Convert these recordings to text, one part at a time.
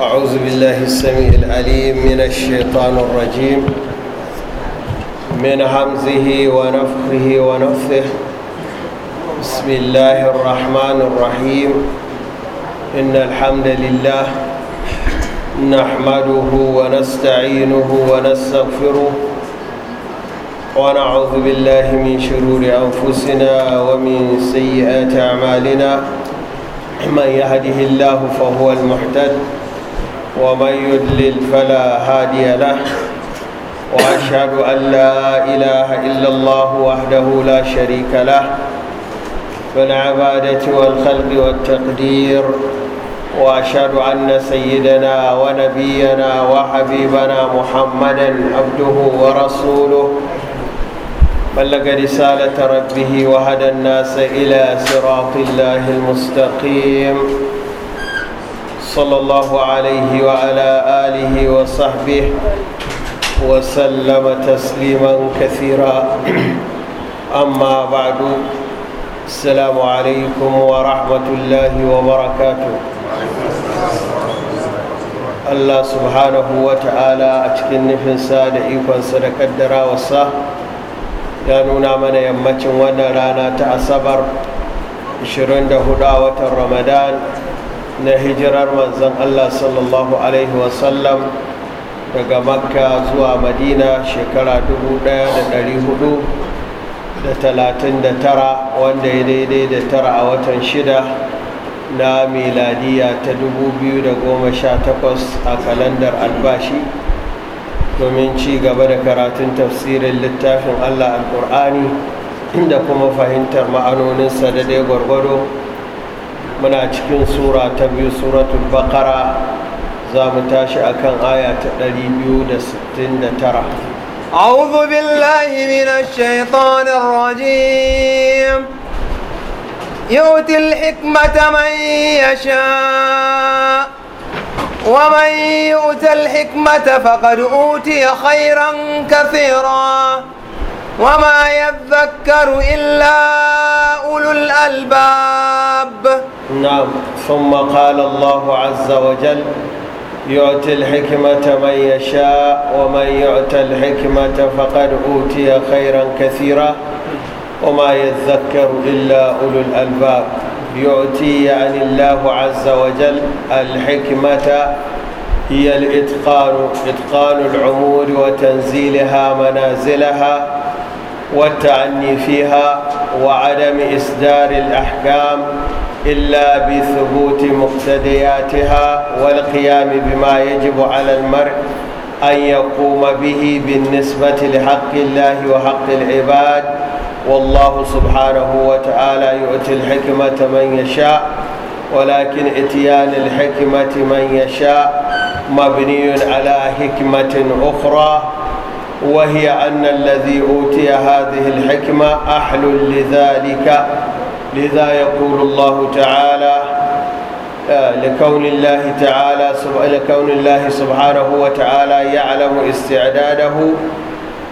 أعوذ بالله السميع العليم من الشيطان الرجيم من همزه ونفخه ونفثه بسم الله الرحمن الرحيم إن الحمد لله نحمده ونستعينه ونستغفره ونعوذ بالله من شرور أنفسنا ومن سيئات أعمالنا من يهده الله فهو المحتد ومن يدلل فلا هادي له وأشهد أن لا إله إلا الله وحده لا شريك له في العبادة والخلق والتقدير وأشهد أن سيدنا ونبينا وحبيبنا محمدا عبده ورسوله بلغ رسالة ربه وهدى الناس إلى صراط الله المستقيم صلى الله عليه وعلى آله وصحبه وسلم تسليما كثيرا أما بعد السلام عليكم ورحمة الله وبركاته Allah subhanahu wa ta'ala a cikin nufinsa da ikonsa da kaddara ya nuna mana yammacin wannan rana ta asabar 24 a watan ramadan na hijirar manzon Allah sallallahu alaihi wasallam daga makka zuwa madina shekara 1439 wanda ya daidai da tara a watan shida na miladiya ta 2018 a kalandar albashi domin ci gaba da karatun tafsirin littafin Allah al-Qur'ani inda kuma fahimtar ma'anoninsa da dai gwargwado muna cikin sura ta biyu suratul bakara za mu tashi akan aya ta 269 أعوذ بالله من الشيطان الرجيم يؤتي الحكمة من يشاء ومن يؤت الحكمة فقد أوتي خيرا كثيرا وما يذكر إلا أولو الألباب نعم ثم قال الله عز وجل يؤتي الحكمة من يشاء ومن يعطى الحكمة فقد أوتي خيرا كثيرا وما يذكر إلا أولو الألباب يعطي يعني الله عز وجل الحكمة هي الإتقان إتقان العمور وتنزيلها منازلها والتعني فيها وعدم إصدار الأحكام إلا بثبوت مقتدياتها والقيام بما يجب على المرء أن يقوم به بالنسبة لحق الله وحق العباد والله سبحانه وتعالى يؤتي الحكمة من يشاء ولكن اتيان الحكمة من يشاء مبني على حكمة أخرى وهي أن الذي أوتي هذه الحكمة أحل لذلك لذا يقول الله تعالى آه، لكون الله تعالى لكون الله سبحانه وتعالى يعلم استعداده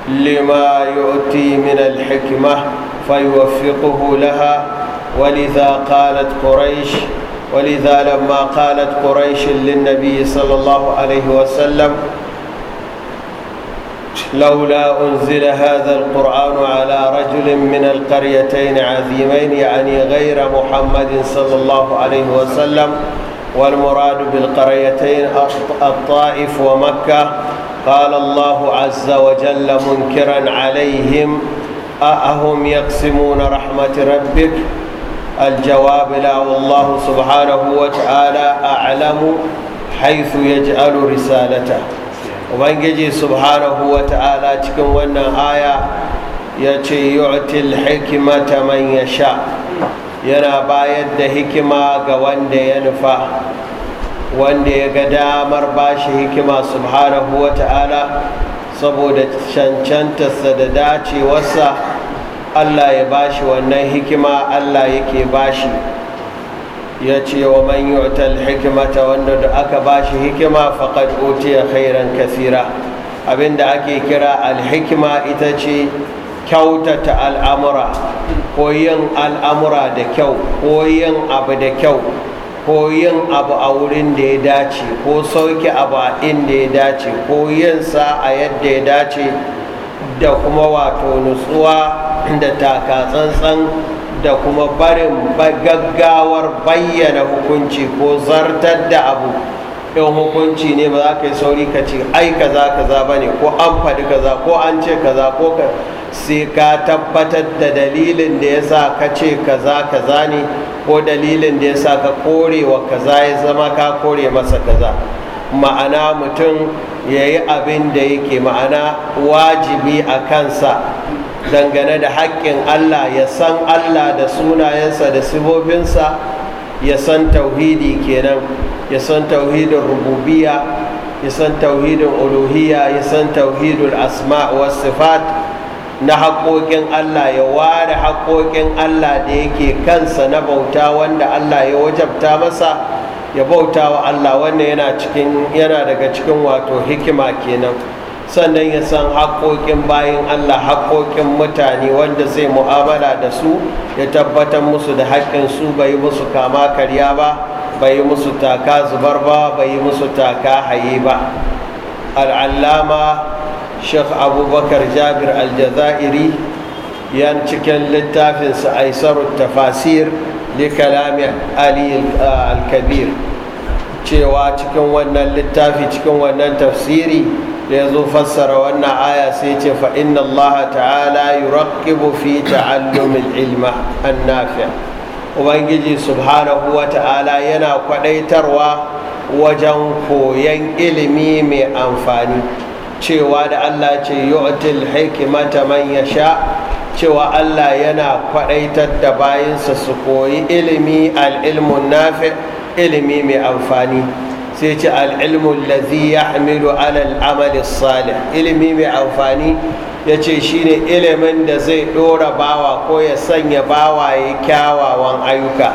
لما يؤتي من الحكمة فيوفقه لها ولذا قالت قريش ولذا لما قالت قريش للنبي صلى الله عليه وسلم لولا أنزل هذا القرآن على رجل من القريتين عظيمين يعني غير محمد صلى الله عليه وسلم والمراد بالقريتين الطائف ومكة قال الله عز وجل منكرا عليهم أهم يقسمون رحمة ربك الجواب لا والله سبحانه وتعالى أعلم حيث يجعل رسالته ubangiji subhanahu wa ta'ala cikin wannan aya ya ce yu'til hikimata manya sha. yana bayar da hikima ga wanda ya nufa wanda ya ga damar bashi hikima subhanahu wa ta'ala saboda cancantarsa da dacewarsa allah ya bashi wannan hikima allah yake bashi ya ce wa man hikimata wanda da aka shi hikima faqad utiya khairan kasira abinda ake kira alhikima ita ce kyautata al'amura ko yin al'amura da kyau ko yin abu da kyau ko yin abu a wurin da ya dace ko sauke abu a inda ya dace ko yin sa a yadda ya dace da kuma wato nutsuwa da takatsantsan da kuma barin gaggawar bayyana hukunci ko zartar da abu in hukunci ne ba za ka yi sauri ka ce ai kaza kaza ba ne ko an faɗi kaza ko an ce kaza ko ka sai ka tabbatar da dalilin da ya sa ka ce kaza kaza ne ko dalilin da ya sa ka kore wa kaza ya zama ka kore masa kaza ma'ana mutum ya yi abin da yake ma'ana wajibi a kansa dangane da haƙƙin Allah ya san Allah da sunayensa da sifofinsa ya san tauhidi kenan ya san tauhidin rububiya ya san tauhidin uluhiyya ya san tauhidul asma wa sifat na haƙoƙin Allah ya ware haƙoƙin Allah da yake kansa na bauta wanda Allah ya wajabta masa ya bauta wa Allah wannan yana daga cikin wato hikima kenan sannan ya san haƙoƙin bayan allah haƙoƙin mutane wanda zai mu'amala da su ya tabbatar musu da hakkin su bai musu kama karya ba bai musu taka zubar ba bai musu taka haye ba al'allama shek abubakar jabir aljazairi yan cikin littafinsa aisarut tafasir li kalami ali al-kabir cewa cikin wannan littafi cikin wannan tafsiri da ya zo fassara wannan aya sai ce fa inna allaha ta'ala yuraqibu fi ta'allumil ilma annafi'a ubangiji subhanahu wa ta'ala yana kwadaitarwa wajen koyan ilimi mai amfani cewa da allah ce yu'til hikimata man yasha cewa allah yana kwadaitar da bayansa su koyi ilimi al-ilmun nafi ilimi mai amfani sai ce al'ilmu lazi ya hamilu alal amali salih ilimi mai amfani ya ce shine ilimin da zai ɗora bawa ko ya sanya bawaye kyawawan ayyuka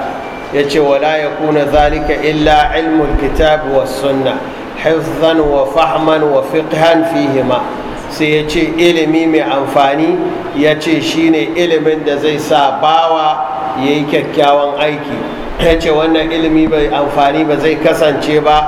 ya ce wala ya kuna zalika illa ilmun kitab wa sunna hifzan wa fahman wa fiqhan fihima sai ya ce ilimi mai amfani ya ce shine ilimin da zai sa bawa ya yi kyakkyawan aiki ya ce wannan ilimi bai amfani ba zai kasance ba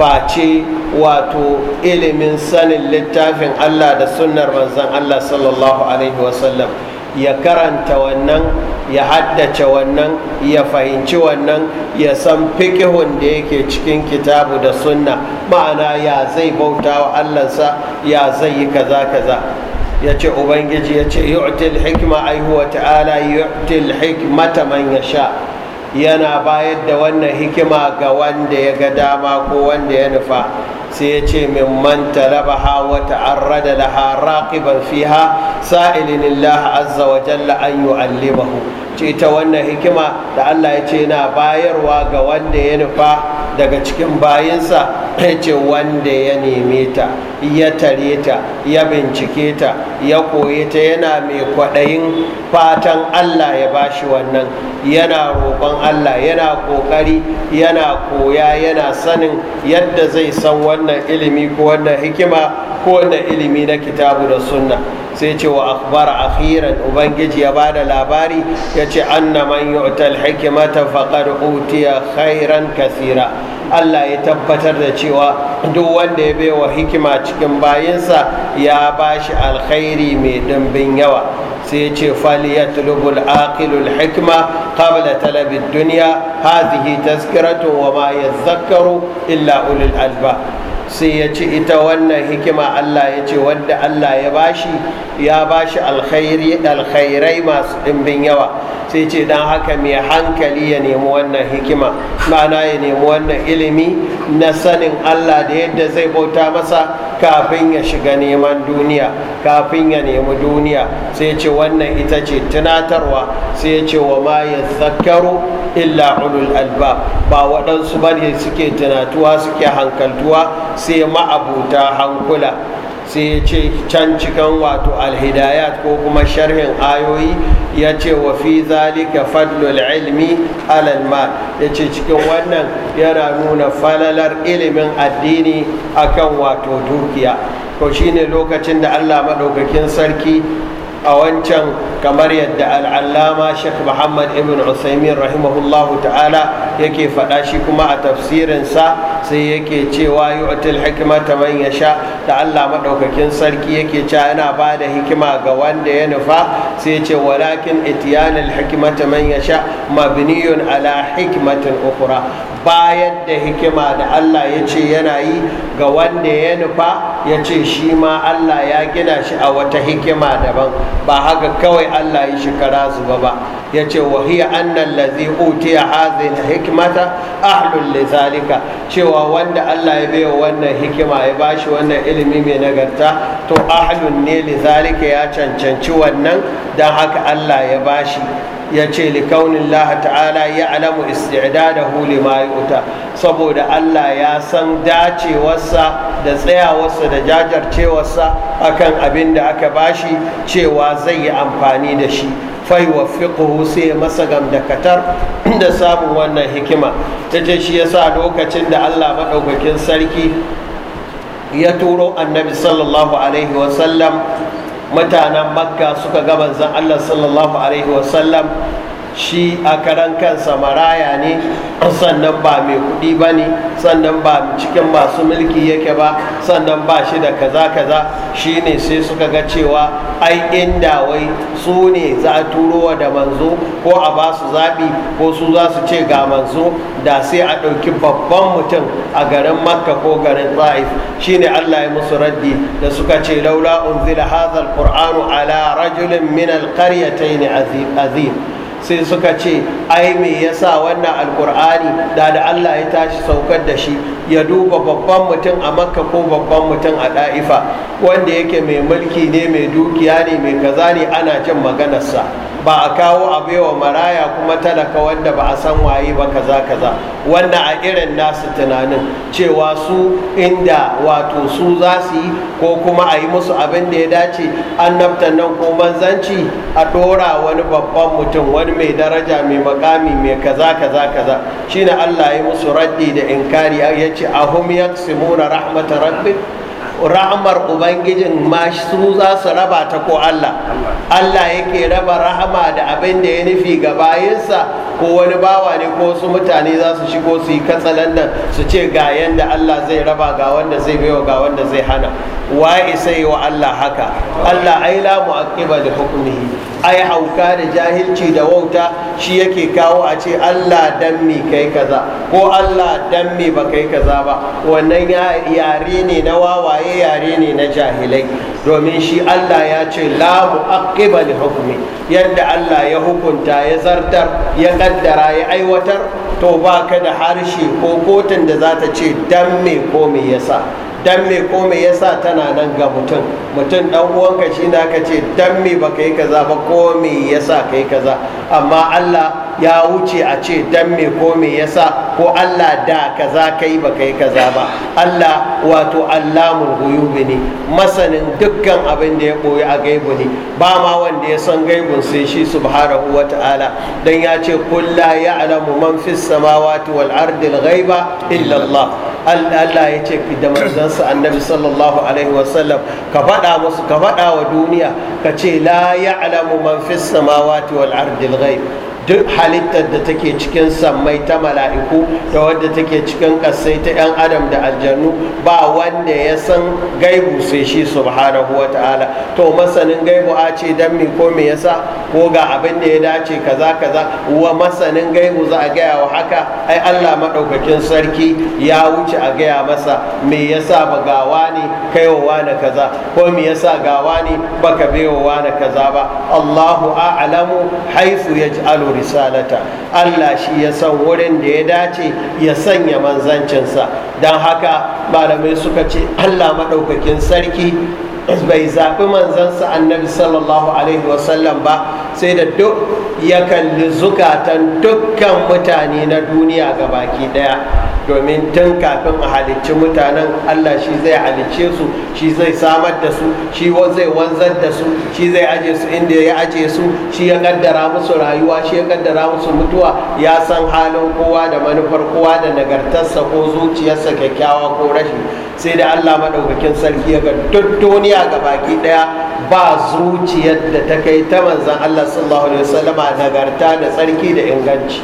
face wato ilimin sanin littafin allah da sunnar manzan allah sallallahu alaihi wasallam ya karanta wannan ya haddace wannan ya fahimci wannan ya san fikihun da yake cikin kitabu da sunna ma'ana ya zai bauta wa allansa ya zai yi kaza kaza ya ce ubangiji ya ce yi'til hikma hikima ta'ala yi'til hikmata man ya sha yana bayar da wannan hikima ga wanda ya ga dama ko wanda ya nufa sai ya ce min man talabaha wa ta'arrada laha raqiban fiha sa'ilin Allah azza wa jalla an yu'allimahu ce ta wannan hikima da Allah ya ce yana bayarwa ga wanda ya nufa daga cikin bayinsa ya ce wanda ya neme ta ya tare ta ya bincike ta ya koye ta yana mai kwaɗayin fatan allah ya ba shi wannan yana roƙon allah yana ƙoƙari yana koya yana sanin yadda zai san wannan ilimi ko wannan hikima ko wannan ilimi na kitabu da sunna sai ce wa akbar akhiran ubangiji ya ba da labari ya ce anna man hikima hikimata faqad utiya khairan kasira Allah ya tabbatar da cewa duk wanda ya baiwa hikima cikin bayinsa ya bashi alkhairi mai dimbin yawa sai ce falyatlubul aqilul hikma qabla talabid dunya hadhihi tazkiratu wa ma yadhakkaru illa ulul alba sai ya ci ita wannan hikima Allah ya ce wanda Allah ya bashi ya bashi alkhairai masu dimbin yawa sai ce dan haka mai hankali ya nemi wannan hikima ma'ana ya nemi wannan ilimi na sanin allah da yadda zai bauta masa kafin ya shiga neman duniya kafin ya nemi duniya sai ce wannan ita ce tunatarwa sai ce wa ma ya zakaru illa ulul alba ba waɗansu ba ne suke tunatuwa suke hankaltuwa sai ma'abuta hankula sai ya ce can cikan wato alhidayat ko kuma sharhin ayoyi ya ce wa fi zalika fadlul ilmi alal ma ya ce cikin wannan yana nuna falalar ilimin addini akan wato dukiya ko ne lokacin da allah maɗaukakin sarki a wancan kamar yadda al'allama sheikh muhammad ibn usaimin rahimahullahu ta'ala yake faɗa shi kuma a tafsirinsa sai yake cewa yu'til hikmata man sha da allah maɗaukakin sarki yake ce yana ba da hikima ga wanda ya nufa sai ce walakin itiyanil hikmata man yasha mabniyun ala hikimatin ukura bayan da hikima da allah ya ce yana yi ga wanda ya nufa ya ce shi ma allah ya gina shi a wata hikima daban ba haka kawai Allah yi shekara zuba ba ya ce wa hiya annal ladhi utiya hadhihi hikimata?" ahlul li cewa wanda Allah ya bai wannan hikima ya bashi wannan ilimi mai nagarta to ahlun ne lizalika ya cancanci wannan don haka Allah ya bashi ya ce likaunin laha ta'ala ya alamu istidadahu huli yuta saboda Allah ya san dacewarsa da tsayawarsa da jajarcewarsa akan abin da aka bashi cewa zai yi amfani da shi fiƙo sai masa gamdakatar da samun wannan hikima ta ce shi ya sa lokacin da allah maɗaukakin sarki ya turo annabi sallallahu alaihi wasallam mutanen makka suka ga manzon allah sallallahu alaihi wasallam shi a karan kansa maraya ne sannan ba mai kuɗi ba ne sannan ba cikin masu mulki yake ba sannan ba shi da kaza kaza shi ne sai suka ga cewa ai inda wai su ne za a wa da manzo ko a ba su zaɓi ko su za su ce ga manzo da sai a ɗauki babban mutum a garin makka ko garin za'if shi ne allah ya musu raddi da suka ce laula unzila hadha qur'anu ala rajulin min alqaryatayn azim sai suka ce ai me yasa wannan alkur'ani da da Allah ya tashi saukar da shi ya duba babban mutum a makka ko babban mutum a da'ifa wanda yake mai mulki ne mai dukiya ne mai kaza ne ana jin maganarsa ba a kawo abu yawa maraya kuma talaka wanda ba a san waye ba kaza kaza Wannan a irin nasu tunanin cewa su inda wato su za su yi ko kuma a yi musu abin da ya dace annabtan nan ko manzanci a ɗora wani babban mutum wani mai daraja mai makami mai kaza kaza kaza shine Allah ya yi musu raddi da inkari ya ce ahum yaksimuna rahmatar rabbi rahamar ubangijin ma su za su raba ta ko Allah Allah yake raba rahama da abin da ya nufi ga bayansa ko wani bawa ne ko wasu mutane za su shigo su yi katsalan nan su ce ga yanda Allah zai raba ga wanda zai baiwa ga wanda zai hana wa isa'i wa Allah haka Allah ai la mu'aqqiba li hukmihi ai hauka da jahilci da wauta shi yake kawo a ce allah dan mi kai kaza ko allah dan mi ba kai kaza ba wannan yare ne na wawaye yare ne na jahilai domin shi allah ya ce lamu mu'aqqiba li yadda allah ya hukunta ya zartar ya kaddara ya aiwatar to baka da harshe ko kotun da za ta ce dan me ko me yasa dan me ko me yasa tana nan ga mutum mutum dan uwanka shi na ka ce dan me baka yi kaza ba ko me yasa kai kaza amma Allah ya wuce a ce dan me ko me yasa ko Allah da kaza kai baka yi kaza ba Allah wato allamul ghuyubi ne masanin dukkan abin da ya koyi a gaibu ne ba ma wanda ya san gaibun sai shi subhanahu wata'ala dan ya ce alamu ya'lamu man fis samawati wal ardi al ghaiba illa Allah Allah ya ce da manzon manzansa annabi sallallahu alaihi wasallam ka faɗa musu ka faɗa wa duniya ka ce la ya'lamu man fis samawati wal ardil ghaib duk halittar da take cikin sammai ta mala'iku da wadda take cikin ƙasai ta 'yan adam da aljannu ba wanda ya san gaibu sai shi subhanahu wa ta'ala to masanin gaibu a ce dan me ko me yasa ko ga abin da ya dace kaza kaza wa masanin gaibu za a gaya wa haka ai Allah madaukakin sarki ya wuce a gaya masa me yasa ba gawa ne kaiwa na kaza ko me yasa gawa ne baka baiwa na kaza ba Allahu a'lamu haythu yaj'alu risalata Allah shi ya san wurin da ya dace ya sanya manzancinsa don haka malamai suka ce Allah maɗaukakin sarki bai zaɓi manzansa annabi sallallahu alaihi wasallam ba sai da duk ya kalli zukatan dukkan mutane na duniya ga baki daya domin tun kafin a halicci mutanen allah shi zai halicce su shi zai samar da su shi zai wanzar da su shi zai aje su inda ya aje su shi ya kaddara musu rayuwa shi ya kaddara musu mutuwa ya san halin kowa da manufar kowa da nagartarsa ko zuciyarsa kyakkyawa ko rashin. sai da allah maɗaukakin sarki ya ga duk duniya tafiya ga baki daya ba zuciyar da ta kai ta manzan Allah sallallahu alaihi wasallama nagarta da tsarki da inganci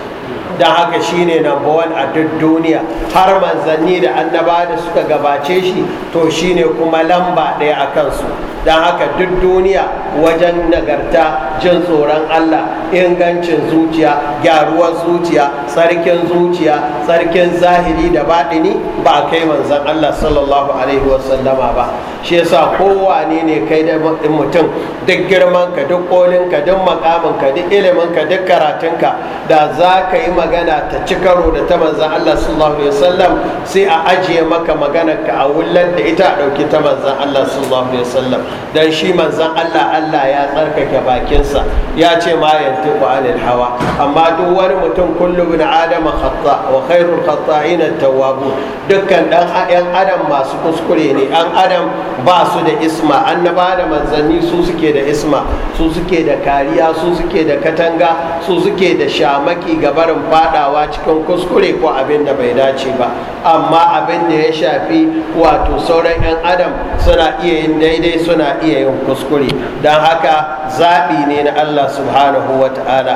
don haka shine number one a duk duniya har manzanni da annaba da suka gabace shi to shine kuma lamba ɗaya a kansu don haka duk duniya wajen nagarta jin tsoron allah ingancin zuciya gyaruwar zuciya sarkin zuciya sarkin zahiri da baɗini ba a kai manzan allah sallallahu alaihi wasallama ba shi yasa kowane ne kai da mutum duk girmanka duk kolinka duk makaminka duk iliminka duk karatunka da za ka yi magana ta ci karo da ta manzan Allah sallallahu alaihi wasallam sai a ajiye maka magana ka a wullan da ita a ɗauki ta manzan Allah sallallahu alaihi wasallam don shi manzan Allah Allah ya tsarkake bakinsa ya ce ma yantiqu anil hawa amma duk wani mutum kullu bin adama khata wa khairul khata'in ina tawwabun dukkan dan ɗan adam masu kuskure ne ɗan adam ba su da isma annaba da manzanni su suke da isma su suke da kariya su suke da katanga su suke da shamaki ga barin fadawa cikin kuskure ko abin da bai dace ba amma abin da ya shafi wato sauran 'yan adam suna iya yin daidai suna iya yin kuskure don haka zaɓi ne na allah subhanahu wa ta'ala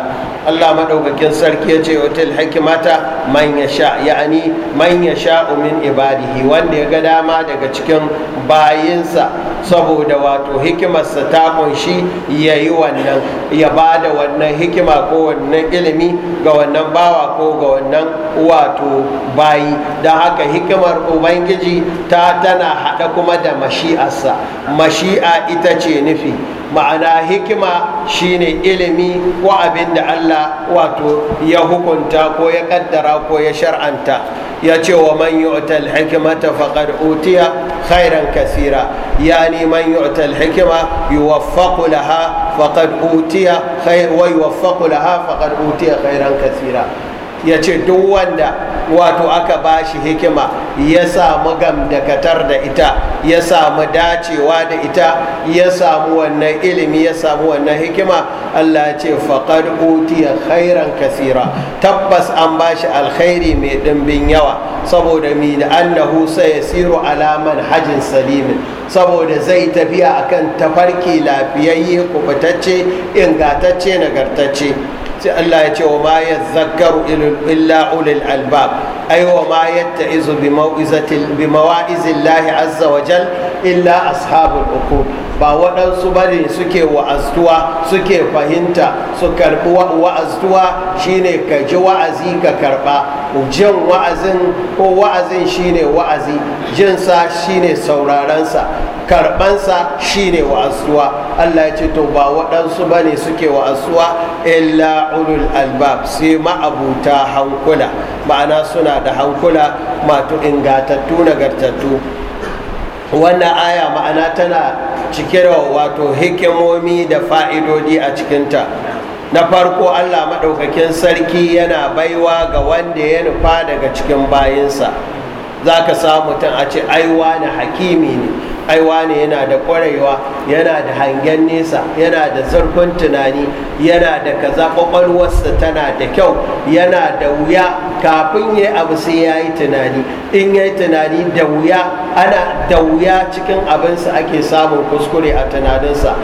allah maɗaukakin sarki ya ce otal hikimata man ya sha ya'ani man sha umin ibadihi wanda ya ga dama daga cikin bayinsa saboda wato hikimarsa ta kunshi ya yi wannan ya ba da wannan hikima ko wannan ilimi ga wannan ba bawa ko ga wannan wato bayi don haka hikimar ubangiji ta tana haɗa kuma da mashi'arsa mashi'a ita ce nufi ma'ana hikima shine ilimi ko abin da Allah wato ya hukunta ko ya kaddara ko ya shar'anta ya ce wa man yu'tal hikimata faqad utiya khairan kasira ni man yu'tal hikima yuwaffaqu laha faqad utiya khair wa yuwaffaqu laha faqad utiya khairan kasira ya ce duk wanda wato aka ba shi hikima ya samu gamdakatar da ita ya samu dacewa da ita ya samu wannan ilimi ya samu wannan hikima Allah ya ce faqad utiya khairan kasira tabbas an ba shi alkhairi mai ɗimbin yawa saboda mi da ya siro alaman hajin salimin saboda zai tafiya akan tafarki lafiyayye kubutacce ingatacce nagartacce الله يتشو ما يتذكر إلا أولي الألباب أيوة ما يتعز بموائز الله عز وجل إلا أصحاب العقول ba waɗansu bane suke wa'aztuwa suke fahimta su karɓi wa'aztuwa shine ka ji wa'azi ka karɓa jin wa'azin ko wa'azin shine wa'azi jinsa shine saurarensa karɓansa shine wa'aztuwa Allah ya ce to ba waɗansu bane suke wa'aztuwa illa ulul albab sai ma'abuta hankula ma'ana suna da hankula matu ingatattu nagartattu wannan aya ma'ana tana cike da wato hikimomi da fa'idodi a cikinta na farko allah maɗaukakin sarki yana baiwa ga wanda ya nufa daga cikin bayinsa za ka samu tun a ce aiwa na hakimi ne ai ne yana da ƙwarewa yana da hangen nesa yana da zarfin tunani yana da kaza ƙwaƙwalwarsa tana da kyau yana da wuya kafin ya abu sai ya yi tunani in ya yi tunani da wuya ana da wuya cikin abinsa ake samun kuskure a tunaninsa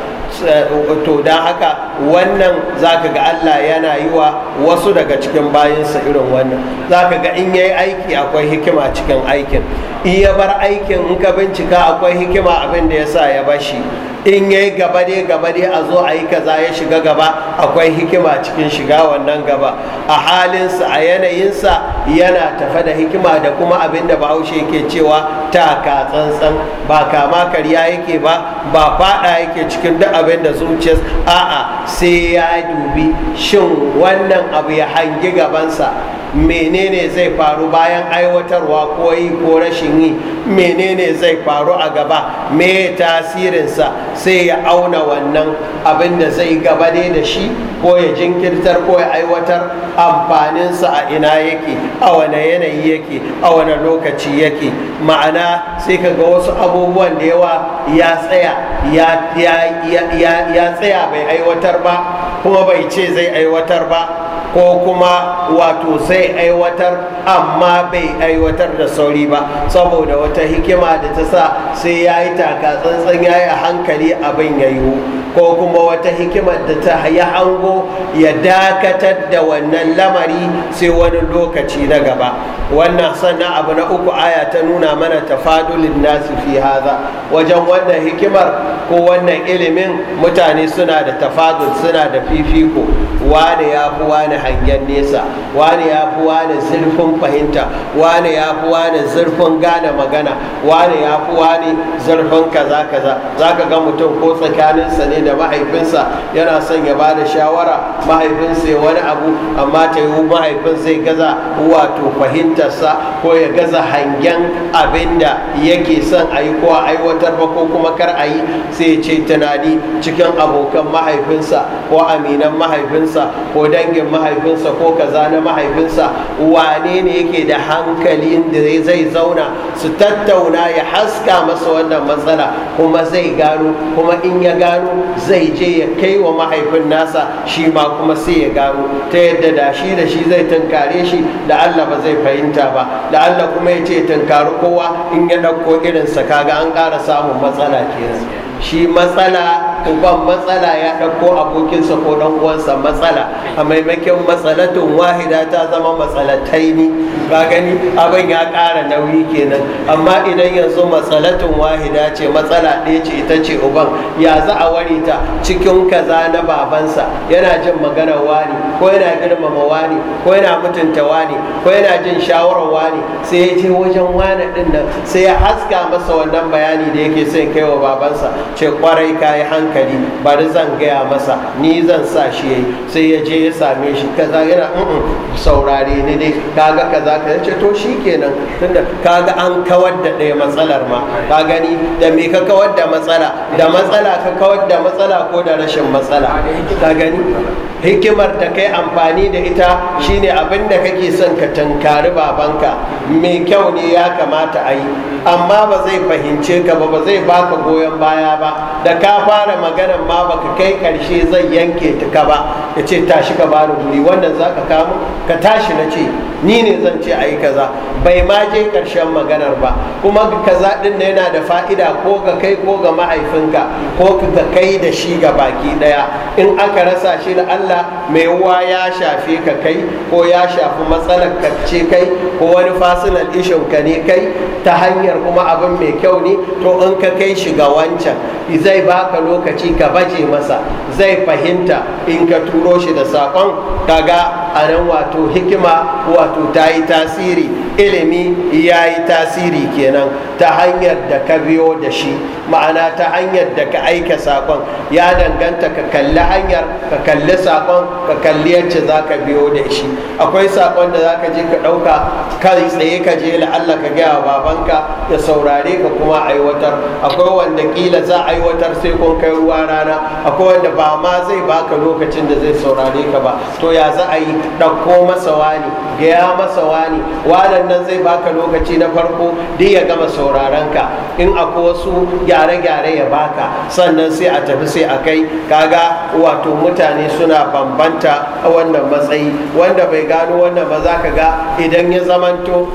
to don haka wannan zaka ga Allah yana yi wa wasu daga cikin bayansa irin wannan zaka ga in yayi aiki akwai hikima cikin aikin in ya bar aikin in ka bincika akwai hikima abin da ya sa ya bashi in ya yi gaba dai gaba dai a zo a yi kaza ya shiga gaba akwai hikima cikin shiga wannan gaba a halinsa a yanayinsa yana tafe da hikima da kuma abin da bahaushe yake cewa ta ka tsantsan ba kama karya yake ba ba faɗa yake cikin duk abin da zuciyarsa a'a sai ya dubi shin wannan abu ya hangi gabansa menene zai faru bayan aiwatarwa ko yi ko rashin yi menene zai faru a gaba me tasirinsa sai ya auna wannan abin da zai gaba ne da shi ko ya jinkirtar ko ya aiwatar amfaninsa a ina yake a wane yanayi yake a wane lokaci yake ma'ana sai ka ga wasu abubuwan da yawa ya tsaya ya tsaya bai aiwatar ba kuma bai ce zai aiwatar ba ko kuma wato sai aiwatar amma bai aiwatar da sauri ba saboda wata hikima da ta sa sai ya yi taka tsantsan ya yi a hankali abin ya yiwu ko kuma wata hikima da ta ya hango ya dakatar da wannan lamari sai wani lokaci na gaba wannan sannan abu na uku aya ta nuna mana tafadulin nasu fi haza wajen wannan hikimar ko wannan ilimin mutane suna da tafadul suna da fifiko wani ya fi wani hangen nesa wani ya fi wani zurfin fahimta wane ya fi wane zurfin gane magana wane ya fi wane zurfin kaza kaza za ka ga mutum ko tsakaninsa ne da mahaifinsa yana son ya ba da shawara mahaifinsa ya wani abu amma ta yi mahaifin zai gaza wato fahimtarsa ko ya gaza hangen abin da yake son a yi ko a aiwatar ba ko kuma kar a yi sai ce tunani cikin abokan mahaifinsa ko aminan mahaifinsa ko dangin mahaifinsa ko kaza na mahaifinsa wane ne yake da hankali inda zai zauna su tattauna ya haska masa wannan matsala kuma zai gano kuma in ya gano zai je ya kai wa mahaifin nasa shi ma kuma sai ya gano ta yadda da shi da shi zai tunkare shi da Allah ba zai fahimta ba da Allah kuma ya ce tunkari kowa in ya ɗauko sa kaga an ƙara samun matsala kenan shi matsala uban matsala ya ɗauko abokinsa ko ɗan uwansa matsala a maimakon matsalatun wahida ta zama matsalatai ne ba gani abin ya ƙara nauyi kenan amma idan yanzu matsalatun wahida ce matsala ɗaya ce ita ce uban ya za a wari ta cikin kaza na babansa yana jin maganar wani ko yana girmama wani ko yana mutunta wani ko yana jin shawarar wani sai ya je wajen wani ɗin nan sai ya haska masa wannan bayani da yake son kai wa babansa ce kwarai ka yi hankali bari zan gaya masa ni zan sa shi yayi sai ya je ya same shi kaza yana saurare ni dai kaga kaza ka ce to shi kenan tunda kaga an kawar da ɗaya matsalar ma ka gani da me ka kawar da matsala da matsala ka kawar da matsala ko da rashin matsala ka gani hikimar da kai amfani da ita shine abin da kake son ka tankari babanka mai kyau ne ya kamata a yi amma ba zai fahimce ka ba ba zai baka goyon baya ba da ka fara maganar ma baka kai karshe zai yanke ka ba ya ce tashi ka bani guri wannan za ka kamo ka tashi na ce ni ne zan ce ayi kaza bai ma je karshen maganar ba kuma kaza din na yana da fa'ida ko ga kai ko ga mahaifinka ko ga kai da shi ga baki daya in aka rasa shi da Allah Allah mai wuwa ya shafe ka kai ko ya shafi matsalar kacce kai ko wani fasinal ishin ka ne kai ta hanyar kuma abin mai kyau ne to in ka kai shi ga wancan zai baka lokaci ka baje masa zai fahimta in ka turo shi da saƙon kaga a nan wato hikima wato ta yi tasiri ilimi ya yi tasiri kenan ta hanyar da ka biyo da shi ma'ana ta hanyar da ka aika saƙon ya danganta ka kalli hanyar ka kalli saƙon ka kalli yance za ka biyo da shi akwai saƙon da za ka je ka ɗauka kai tsaye ka je la'alla ka gaya wa babanka ya saurare ka kuma aiwatar akwai wanda kila za a aiwatar sai kun kai ruwa rana akwai wanda ba ma zai baka lokacin da zai saurare ka ba to ya za a yi ɗauko masa wani gaya masa wani wanan wannan zai baka lokaci na farko duk ya gama sauraron ka in akwai wasu gyare-gyare ya baka sannan sai a tafi sai a kai kaga wato mutane suna bambanta a wannan matsayi wanda bai gano wannan ba za ka ga idan ya zamanto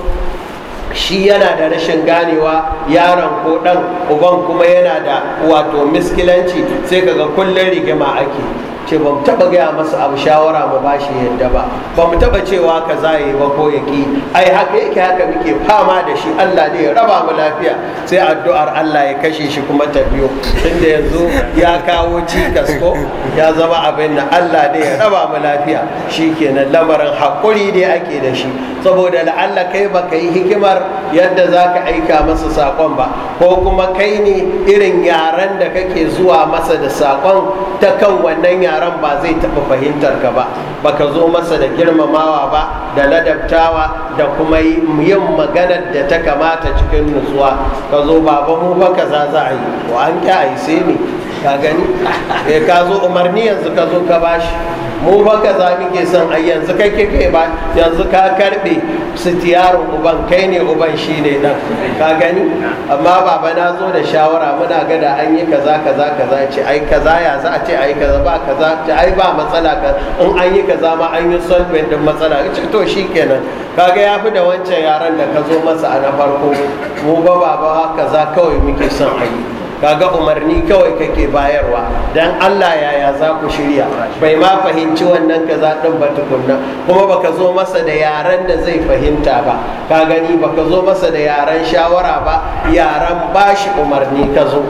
shi yana da rashin ganewa yaron ko ɗan uban kuma yana da wato miskilanci sai kaga kullum rigima ake ce ba mu taɓa gaya masa abu shawara ba ba shi yadda ba ba mu taɓa cewa ka zaye ba ko ya ki ai haka yake haka muke fama da shi Allah ne ya raba mu lafiya sai addu'ar Allah ya kashe shi kuma ta biyo tunda yanzu ya kawo cikas ko ya zama abin da Allah ne ya raba mu lafiya shi shikenan lamarin hakuri ne ake da shi saboda la'alla kai ba ka yi hikimar yadda za ka aika masa sakon ba ko kuma kai ne irin yaren da kake zuwa masa da sakon ta kan wannan yaren yaran ba zai taɓa fahimtar ka ba ka zo masa da girmamawa ba da ladabtawa da kuma yin maganar da ta kamata cikin nutsuwa ka zo baba mu ba kaza za a yi ko an ƙi a yi sai ne ka gani eh ka zo umarni yanzu ka zo ka bashi mu za kaza ke son ai yanzu kai ke, kai ba yanzu ka karbe sitiyarin uban kai ne uban shi ne nan. ka gani amma baba na zo da shawara muna gada an yi kaza kaza kaza ce ai kaza ya za a ce ai kaza ba kaza ce ai ba matsala ka in an yi kaza ma an yi solvent din matsala ce to kenan kaga ya fi da wancan yaran da ka zo masa a na farko mu ba baba kaza kawai muke son ayi kaga umarni kawai kake bayarwa dan Allah yaya za ku shirya bai ma fahimci wannan kaza din ba tukunna kuma baka zo masa da yaran da zai fahimta ba ka gani baka zo masa da yaran shawara ba yaran bashi umarni ka zo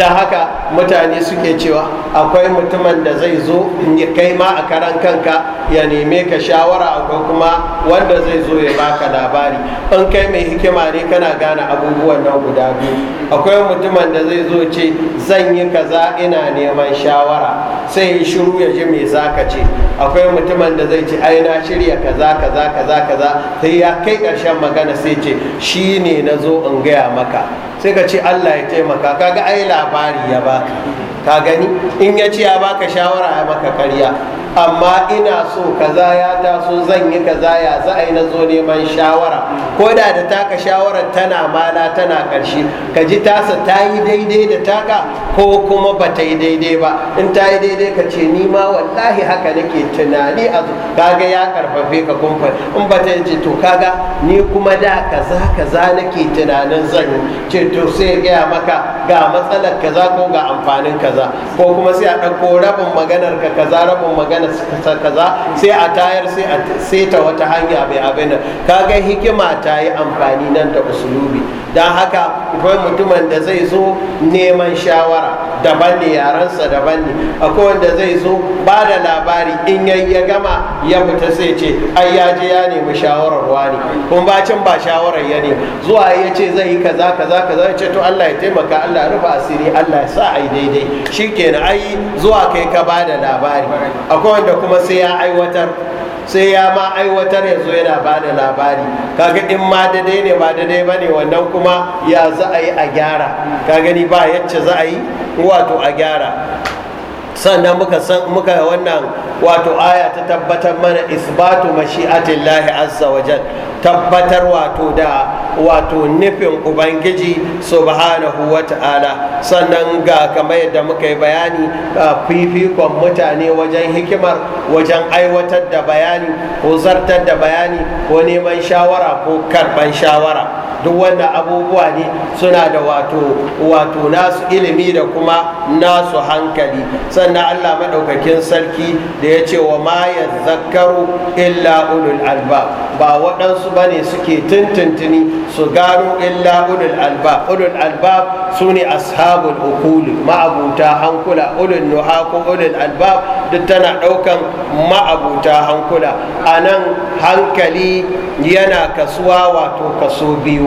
da haka mutane suke cewa akwai mutumin da zai zo kai ma a karan kanka ya neme ka shawara akwai kuma wanda zai zo ya baka labari in kai mai hikima ne kana gane abubuwan nan guda biyu akwai mutumin da zai zo ce zan yi kaza ina neman shawara sai yi shiru ya ji mai za ce akwai mutumin da zai ce ai na shirya kaza kaza kaza kaza sai ya kai karshen magana sai ce shi ne na zo in gaya maka sai ka ce allah ya taimaka kaga ai labari ya baka ka gani in ya ce ya baka shawara ya maka karya amma ina so kaza ya taso zan yi kaza ya za a yi na zo neman shawara ko da da taka shawarar tana mala tana karshe ka ji tasa ta yi daidai da taka ko kuma ba ta yi daidai ba in ta yi daidai ka ce ni ma wallahi haka nake tunani a kaga ya karfafe ka kumfa in ba ta ce to kaga ni kuma da kaza kaza nake tunanin zan ce to sai ya gaya maka ga matsalar kaza ko ga amfanin kaza ko kuma sai a ɗauko rabin maganar ka kaza rabin maganar hana kaza sai a tayar sai a seta wata hanya mai abin ga hikima ta yi amfani nan da usulubi don haka akwai mutumin da zai zo neman shawara daban ne yarensa daban ne akwai wanda zai zo ba da labari in ya gama ya fita sai ce ai ya je ya nemi shawarar wani kuma bacin ba shawarar ya ne zuwa ya ce zai yi kaza kaza kaza ya ce to Allah ya taimaka Allah ya rufa asiri Allah ya sa ai daidai shikenan ai zuwa kai ka ba da labari akwai akwai wanda kuma sai ya aiwatar sai ya ma aiwatar yanzu yana ba da labari kaga in ma daidai ne ba daidai ba ne wannan kuma ya za a yi a gyara ka gani ba yacce za a yi wato a gyara sannan muka san muka wannan wato aya ta tabbatar mana isbatu mashi'atillahi azza wajen. tabbatar wato da wato nufin ubangiji subhanahu wa ta'ala sannan ga kamar yadda muka yi bayani a fifikon mutane wajen hikimar wajen aiwatar da bayani ko zartar da bayani ko neman shawara ko karban shawara duk wannan abubuwa ne suna da wato wato nasu ilimi da kuma nasu hankali sannan allah maɗaukakin sarki da ya ce wa ma ya zakaru illa ulul alba ba waɗansu ba ne suke tuntuntuni su gano illa ulul albab ulul albab su ne ashabul ukuli ma'abuta hankula ulul nuha ko ulul albab duk tana ɗaukan ma'abuta hankula anan nan hankali yana kasuwa wato kaso biyu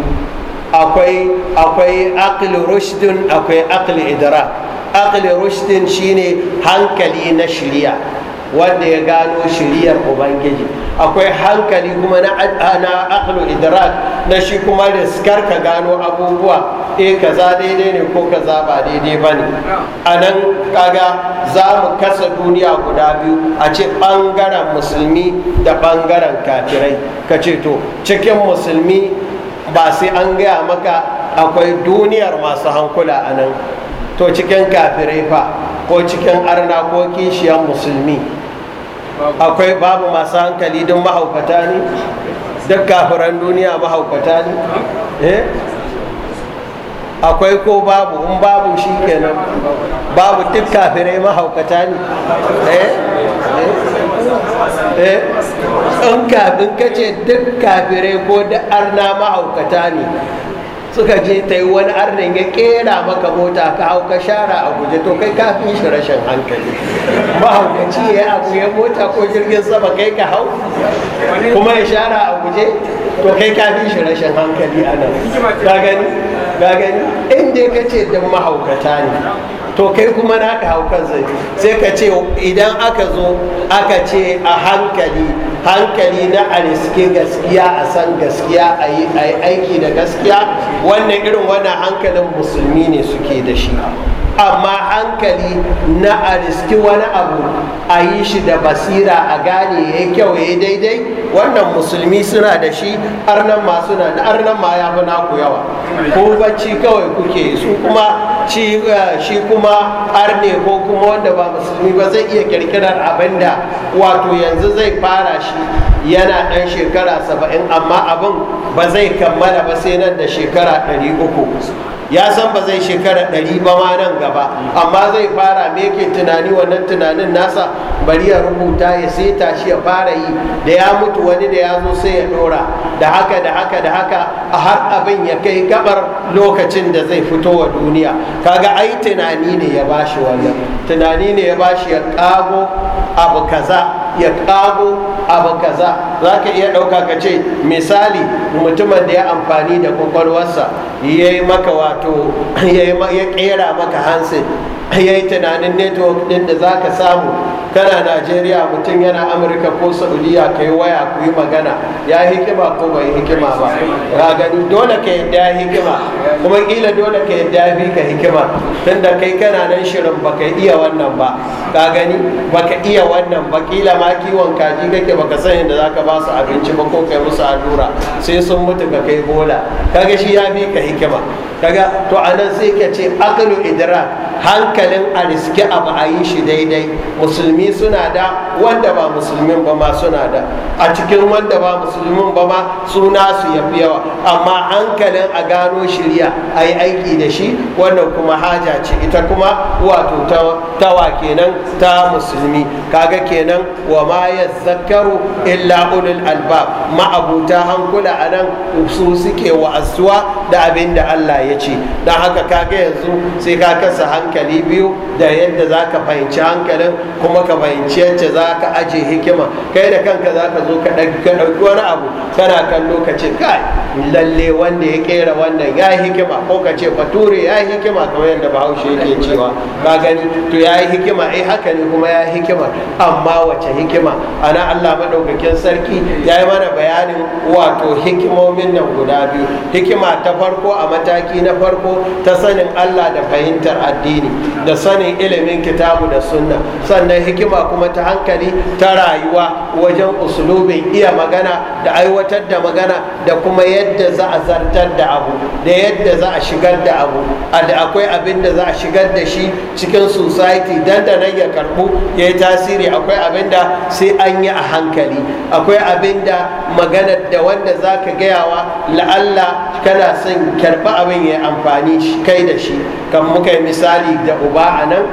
akwai akwai aqli rushdin akwai akli idrak akli rushdin shine hankali na shirya wanda ya gano shiriyar ubangiji akwai hankali kuma na aqlu idrak na shi kuma da riskar ka gano abubuwa eh kaza daidai ne ko kaza ba daidai ba ne a nan kaga za mu kasa duniya guda biyu a ce ɓangaren musulmi da bangaren kafirai ka ce to cikin musulmi ba sai an gaya maka akwai duniyar masu hankula anan, nan to cikin kafirai fa ko cikin arna ko kishiyar musulmi akwai babu masu hankali don mahaukata ne duk kafiran duniya mahaukata ne eh? akwai ko babu in babu shi kenan babu duk kafirai mahaukata ne eh? Eh? in kafin kace duk kafirai ko da arna mahaukata ne suka je ta yi wani arnin ya kera maka mota ka hau ka shara a guje to kai ka fi shi rashin hankali ba haukaci ya abu ya mota ko jirgin sama kai ka hau kuma ya shara a guje to kai ka fi shi rashin hankali a nan ka gani ga gani in dai ka ce don mahaukata ne to kai kuma naka kan zai sai ka ce idan aka zo aka ce a hankali hankali na ariske gaskiya a san gaskiya a yi aiki da gaskiya wannan irin wannan hankalin musulmi ne suke da shi amma hankali na a riski wani abu a yi shi da basira a gane ya yi kyau ya yi daidai wannan musulmi suna da shi arnan ma suna da arnan ma ya fi naku yawa ko bacci kawai kuke su kuma eh, shi kuma arne ko kuma wanda ba musulmi ba zai iya kirkirar abin da wato yanzu zai fara shi yana ɗan shekara saba'in amma abin ba zai kammala ba sai nan da shekara ɗari uku ya san ba zai shekara ɗari ba ma nan gaba amma zai fara me tunani wannan tunanin nasa bari ya rubuta ya seta shi ya fara yi da ya mutu wani da ya zo sai ya ɗora da haka da haka da haka a har abin ya kai gabar lokacin da zai fito wa duniya kaga ai tunani ne ya bashi wannan tunani ne ya bashi ya kago abu kaza ya kago abu kaza za ka iya ɗauka ka ce misali mutumin da ya amfani da kwakwalwarsa ya yi maka wato ya ƙera maka hansin yayi tunanin network ɗin da za ka samu kana najeriya mutum yana amurka ko saudiya ka waya ku yi magana ya hikima ko bai hikima ba ga gani dole ka yadda ya hikima kuma kila dole ka yadda ya fi ka hikima tunda kai kana nan shirin baka iya wannan ba ga gani baka iya wannan ba kila ma kiwon kaji kake baka san yadda zaka ba su abinci ba ko kai musu adura sai sun mutu ka kai bola kaga shi ya fi ka hikima kaga to anan sai ka ce aqlu idrak hankalin a riske abu a yi shi daidai musulmi suna da wanda ba musulmin ba ma suna da a cikin wanda ba musulmin ba ma suna su yafi yawa amma hankalin a gano shirya a yi aiki da shi wannan kuma haja ce ita kuma wato tawa kenan ta musulmi kaga kenan wa ma ya zakaru illa ulul albab ma'abuta hankula a nan su suke wa'asuwa da abin da Allah ya ce don haka kaga yanzu sai ka kasa hankali biyu da yadda za ka fahimci hankalin kuma ka fahimci yadda za ka aje hikima kai da kanka za ka zo ka ɗauki wani abu kana kallo ka kai lalle wanda ya kera wannan ya yi hikima ko ka ce bature ya yi hikima kamar yadda bahaushe yake cewa ka gani to ya yi hikima eh haka ne kuma ya yi hikima amma wace hikima ana allah maɗaukakin sarki ya yi mana bayanin wato hikimomin nan guda biyu hikima ta farko a mataki na farko ta sanin allah da fahimtar addini addini da sanin ilimin kitabu da sunna sannan hikima kuma ta hankali ta rayuwa wajen usulubin iya magana da aiwatar da magana da kuma yadda za a zartar da abu da yadda za a shigar da abu da akwai abin da za a shigar da shi cikin society dan da nan ya karbu ya yi tasiri akwai abin da sai an yi a hankali akwai abin da magana da wanda za ka gayawa la'alla kana son karba abin ya amfani kai da shi kan muka yi misali da uba a nan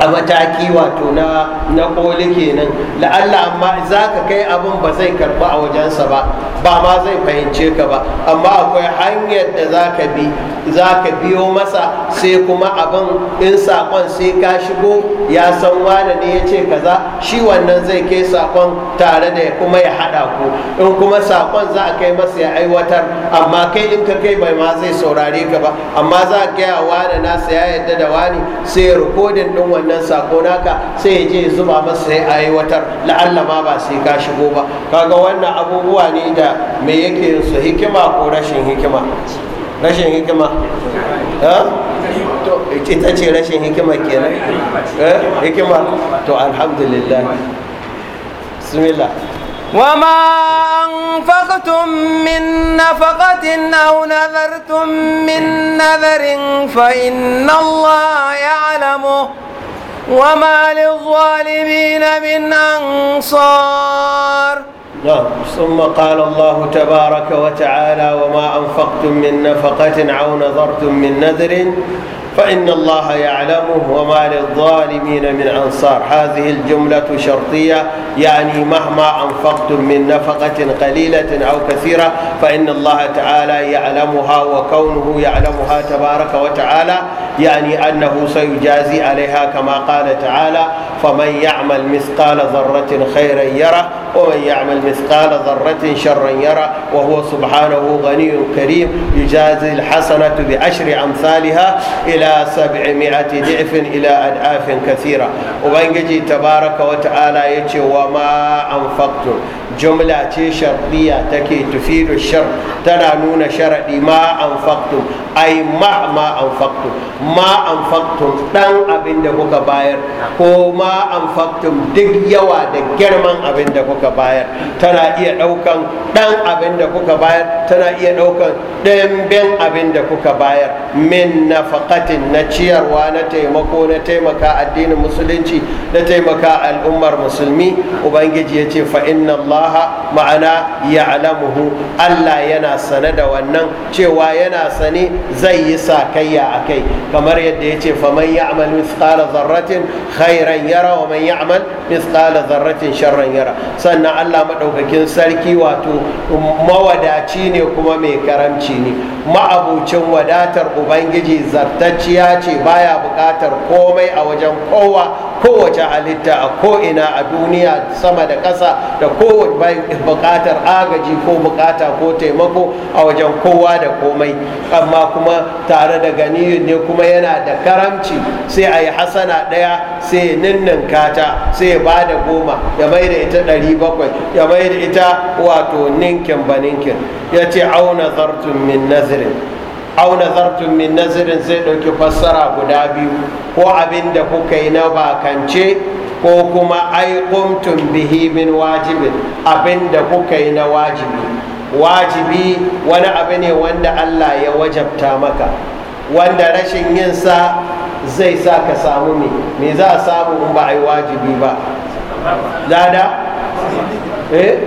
a mataki wato na na koli kenan la'alla amma za ka kai abin ba zai karba a wajensa ba ba ma zai fahimce ka ba amma akwai hanyar da za ka bi za ka biyo masa sai kuma abin in sakon sai ka shigo ya san wane ne ya ce kaza shi wannan zai kai sakon tare da kuma ya haɗa ku in kuma sakon za a kai masa ya aiwatar amma kai in ka kai bai ma zai saurare ka ba amma za ka gaya wane nasa ya yarda da wani sai rikodin ɗin wannan sako naka sai ya je zuba masa sai aiwatar la'alla ma ba sai ka shigo ba kaga wannan abubuwa ne da me yake yin su hikima ko rashin hikima rashin hikima ita ce rashin hikima kenan hikima to alhamdulillah bismillah وما أنفقتم من نفقة أو نذرتم من نذر فإن الله يعلمه وما للظالمين من أنصار نعم ثم قال الله تبارك وتعالى وما أنفقتم من نفقة أو نذرتم من نذر فإن الله يعلمه وما للظالمين من أنصار هذه الجملة شرطية يعني مهما أنفقتم من نفقة قليلة أو كثيرة فإن الله تعالى يعلمها وكونه يعلمها تبارك وتعالى يعني أنه سيجازي عليها كما قال تعالى فمن يعمل مثقال ذرة خيرا يرى ومن يعمل مثقال ذرة شرا يرى وهو سبحانه غني كريم يجازي الحسنة بعشر أمثالها إلى ila sab'imi'ati di'fin ila ad'afin kathira ubangiji tabaraka wa ta'ala ce wa ma anfaqtum jumla ce shar'iyya take tufidu shar tana nuna sharadi ma anfaqtum ai ma ma ma dan abin da kuka bayar ko ma anfaqtum duk yawa da girman abin da kuka bayar tana iya daukan dan abin da kuka bayar tana iya daukan abin da kuka bayar min nafaqatin na ciyarwa na taimako na taimaka addinin musulunci na taimaka al'ummar musulmi ubangiji ya ce fa inna Allah Allah ma'ana ya'lamuhu Allah yana sane da wannan cewa yana sane zai yi sakayya kai. kamar yadda yace faman ya'mal mithqala dharratin khairan yara wa man ya'mal mithqala dharratin sharran yara sannan Allah madaukakin sarki wato mawadaci ne kuma mai karamci ne ma'abucin wadatar ubangiji zartacciya ce baya bukatar komai a wajen kowa kowace halitta a ko'ina a duniya sama da ƙasa da kowace buƙatar agaji ko buƙata ko taimako a wajen kowa da komai amma kuma tare da ganiyun ne kuma yana da karamci sai a yi hasana ɗaya sai ninnin kata sai ba da goma ya mai da ita ɗari bakwai ya mai da ita wato ninkin ba ninkin ya ce auna zartun min nazirin au nazartum min nazirin zai ɗauki fassara guda biyu ko abin da kuka yi na bakance ko kuma ai kumtum bihi min wajibin abin da kuka yi na wajibi wajibi wani abu ne wanda allah ya wajabta maka wanda rashin yinsa zai sa ka samu me me za a samu in ba a yi wajibi ba lada eh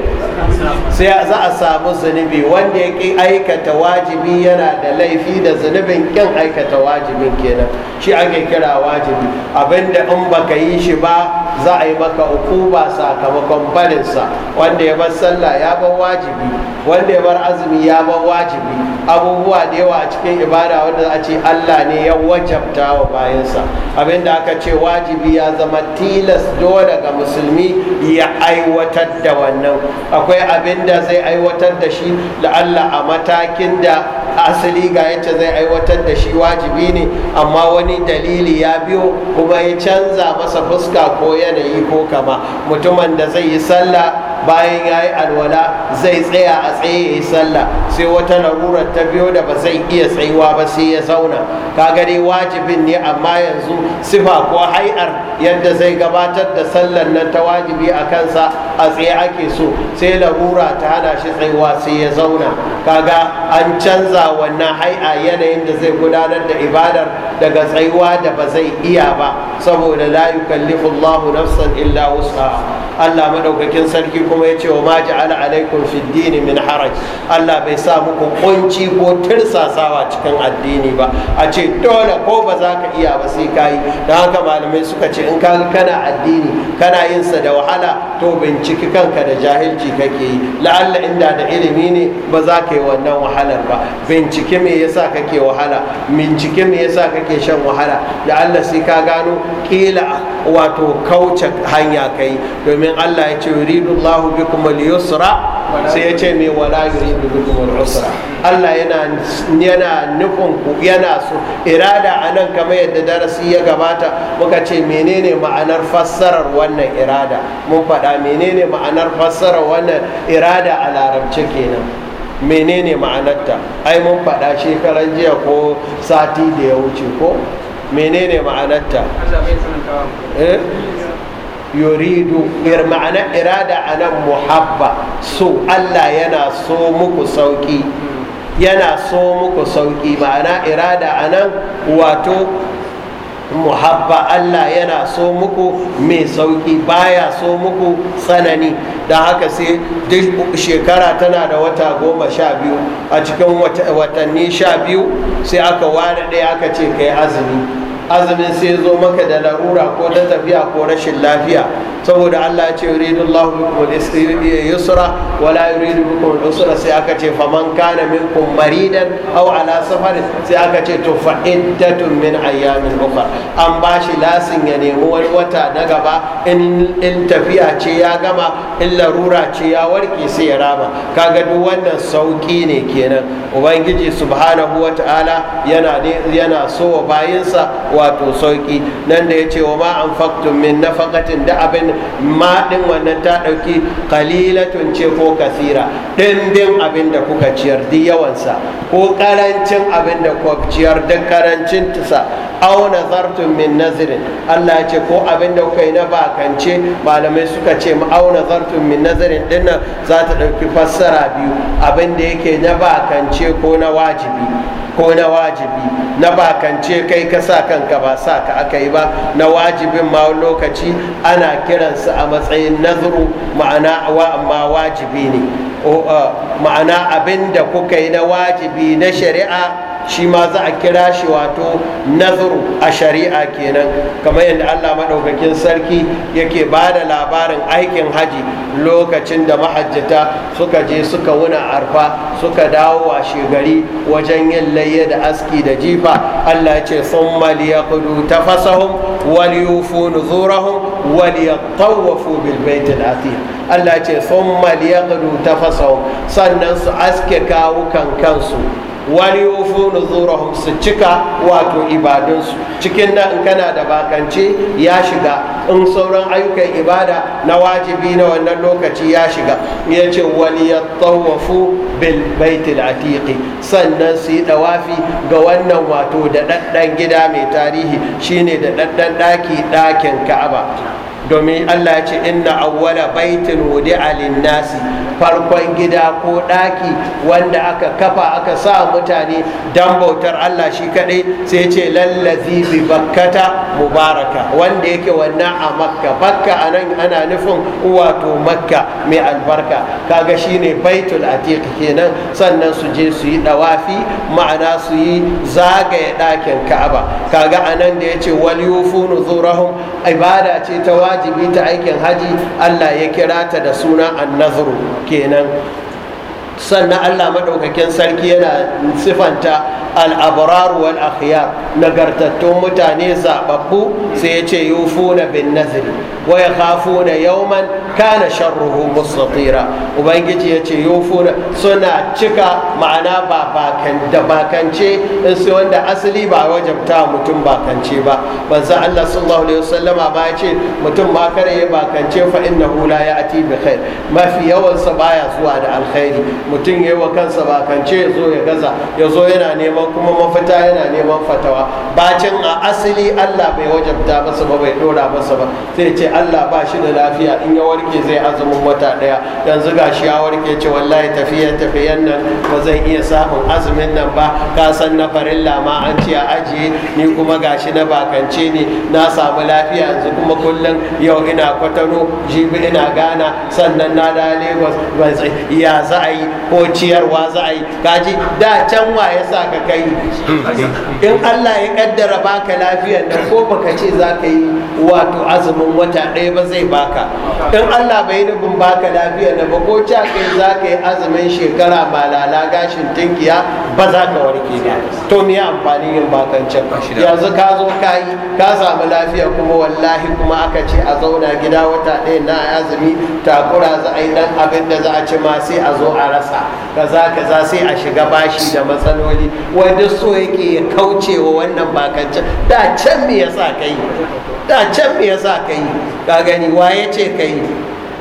sai za a samu zunubi wanda ya ƙi aikata wajibi yana da laifi da zunubin ƙin aikata wajibin kenan shi ake kira wajibi abinda in baka yi shi ba za a yi maka ukuba sakamakon barinsa wanda ya bar sallah ya bar wajibi wanda ya bar azumi ya bar wajibi abubuwa da yawa a cikin ibada wanda za a ce allah ne ya wajabta wa bayansa abinda aka ce wajibi ya zama tilas dole ga musulmi ya aiwatar da wannan akwai abin da zai aiwatar da shi la'alla a matakin da asali ga yace zai aiwatar da shi wajibi ne amma wani dalili ya biyo kuma ya canza masa fuska ko yanayi ko kama mutumin da zai yi sallah bayan ya yi alwala zai tsaya a tsaye ya yi sallah sai wata larurar ta biyo da ba zai iya tsayuwa ba sai ya zauna Ka gani wajibin ne amma yanzu sifa ko hai'ar yadda zai gabatar da sallar nan ta wajibi a kansa a tsaye ake so sai larura ta hana shi tsayuwa sai ya zauna kaga an canza wannan hai'a yanayin da zai gudanar da ibadar daga tsayuwa da ba zai iya ba saboda la yukallifu Allahu nafsan illa wus'aha Allah madaukakin sarki kuma ya ce wa ma ja'ala alaikum fid min haraj Allah bai sa muku kunci ko tirsasawa cikin addini ba a ce dole ko ba za ka iya ba sai kai don haka malamai suka ce in ka kana addini kana yin sa da wahala to bincike binciki kanka da jahilci kake yi la'alla inda da ilimi ne ba za ka yi wannan wahalar ba bincike me yasa kake wahala bincike me yasa kake shan wahala la'alla sai ka gano kila wato kauce hanya kai domin Allah ya ce yuridullahu bikum al-yusra sai ya ce me wala yuridu bikum al-usra Allah yana yana nufin ku yana so irada anan kamar yadda darasi ya gabata muka ce menene ma'anar fassarar wannan irada mun faɗa menene menene ma'anar fassara wannan irada a larabce kenan menene ma'anarta ai mun faɗa shekaran jiya ko sati da ya wuce ko menene ma'anarta eh? ma'ana irada anan muhabba so Allah yana so muku sauki hmm. yana so muku sauki ma'ana irada anan wato muhabba Allah yana so muku mai sauki baya so muku tsanani da haka sai duk shekara tana da wata goma sha biyu a cikin watanni sha biyu sai aka ware ɗaya aka ce kai azumi azumin sai zo maka da larura ko ta tafiya ko rashin lafiya saboda Allah ya ce yuridu allahu bikum al-yusra wa la yuridu bikum al-usra sai aka ce faman kana minkum maridan aw ala safar sai aka ce to fa iddatun min ayyamin ukhra an bashi lasin ya nemi wani wata na gaba in in tafiya ce ya gama in larura ce ya warke sai ya raba. kaga duk wannan sauki ne kenan ubangiji subhanahu wata'ala yana yana so bayinsa wato sauki nan da ya ce wa ma anfaqtum min nafaqatin da abin Maɗin din wannan ta ɗauki kalilatun ce ko kasira ɗimbin abin da kuka ciyar di yawansa ko ƙarancin abin da kuka ciyar don ƙarancin tusa au min nazirin Allah ce ko abin da kuka yi na bakance malamai suka ce mu au nazartun min nazirin dinnan za ta ɗauki fassara biyu abin da yake na bakance ko na wajibi ko na wajibi na bakance kai ka sa kanka ba sa ka aka yi ba na wajibin ma lokaci ana kiransu a matsayin nazuru ma'ana wa amma wajibi ne ma'ana abin da kuka yi na wajibi na shari'a shi ma za a kira shi wato nazuru a shari'a kenan kamar yadda allah maɗaukakin sarki yake ba da labarin aikin haji lokacin da mahajjata suka je suka wuna arfa suka dawo a shigari wajen yin layya da aski da jifa allah ce sun maliya kudu ta fasahun waliyufu nuzurahun waliyattawafu bilbaitin athir allah ce sun maliya kudu ta fasahun sannan su aske kawukan kansu waliyofo na zorahun su cika wato ibadunsu cikin nan in kana da bakance ya shiga in sauran ayyukan ibada na wajibi na wannan lokaci ya shiga ya ce wani ya tsawafu bil baitul atiqi sannan su yi dawafi ga wannan wato da ɗaɗɗan gida mai tarihi shine da ɗaɗɗan ɗaki ɗakin ka'aba domin allah ya ce inna awwala baitin wudi'a lin nasi farkon gida ko ɗaki wanda aka kafa aka sa mutane dan bautar Allah shi kaɗai sai ce lallazi bi bakkata mubaraka wanda yake wannan a makka bakka a nan ana nufin wato makka mai albarka kaga shine baitul atiq kenan sannan su je su yi ma'ana su yi zagaye ɗakin ka'aba kaga a nan da ya ce waliyufu ibada ce ta wajibi ta aikin haji Allah ya kira ta da suna annazuru kenan sannan allah maɗaukakin sarki yana sifanta al'abrar wal akhyar nagartattun mutane zababbu sai ya ce na bin nazri wa ya khafuna yawman kana sharruhu mustatira ubangiji ya ce yufuna suna cika ma'ana ba bakan da bakance in sai wanda asali ba wajabta mutum bakance ba banza allah sallallahu alaihi wasallama ba ya ce mutum ma kare ya bakance fa innahu la ya'ti bi khair mafi yawansa baya zuwa da alkhairi mutum ya yi wa kansa ce ya zo ya gaza ya zo yana neman kuma mafita yana neman fatawa bacin a asali allah bai wajabta masa ba bai dora masa ba sai ce allah ba shi da lafiya in ya warke zai azumin wata daya yanzu ga shi ya warke ce wallahi tafiya tafiyan nan ba zan iya samun azumin nan ba ka san na farin lama an ce a ajiye ni kuma gashi na bakance ne na samu lafiya yanzu kuma kullum yau ina kwatano jibi ina gana sannan na da lagos ya za a yi ko ciyarwa za a yi gaji da can wa ya sa ka kai in Allah ya kaddara baka lafiya da ko baka ce za ka yi wato azumin wata ɗaya ba zai baka in Allah bai nufin baka lafiya da ba ko ca kai za ka yi azumin shekara lala gashin tinkiya ba za ka warke ba to me amfani yin bakan can yanzu ka zo ka yi ka samu lafiya kuma wallahi kuma aka ce a zauna gida wata ɗaya na azumi takura za a yi dan abin da za a ci ma sai a zo a rasa nasa kaza kaza sai a shiga bashi da matsaloli wai duk so yake ya kaucewa wannan bakancan da can me yasa kai da can me yasa kai ka gani wa yace kai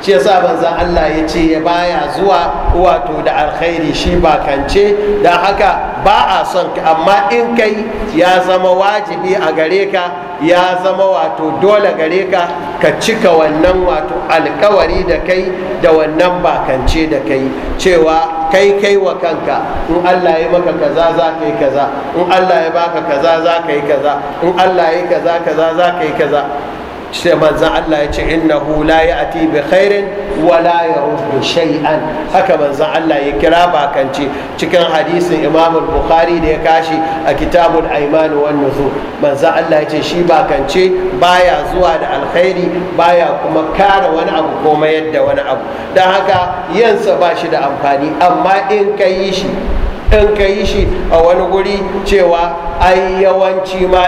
shi yasa banza Allah ya ce ya baya zuwa wato da alkhairi shi bakance da haka ba a son ka amma in kai ya zama wajibi a gare ka ya zama wato dole gare ka ka cika wannan wato alkawari da kai da wannan bakance da kai cewa kai kai wa kanka in Allah ya maka kaza za ka yi kaza in Allah ya baka kaza za ka yi kaza in Allah ya yi kaza kaza za ka yi kaza sai manzan Allah ya ce innahu la ya'ti bi khairin wa la shai'an shay'an haka manzan Allah ya kira bakanci cikin hadisin Imam Bukhari da ya kashi a kitabul aiman wan nuzur manzan Allah ya ce shi bakance baya zuwa da alkhairi baya kuma kare wani abu ko mayar da wani abu dan haka yansa ba shi da amfani amma in ka yi shi in ka yi shi a wani guri cewa ai yawanci ma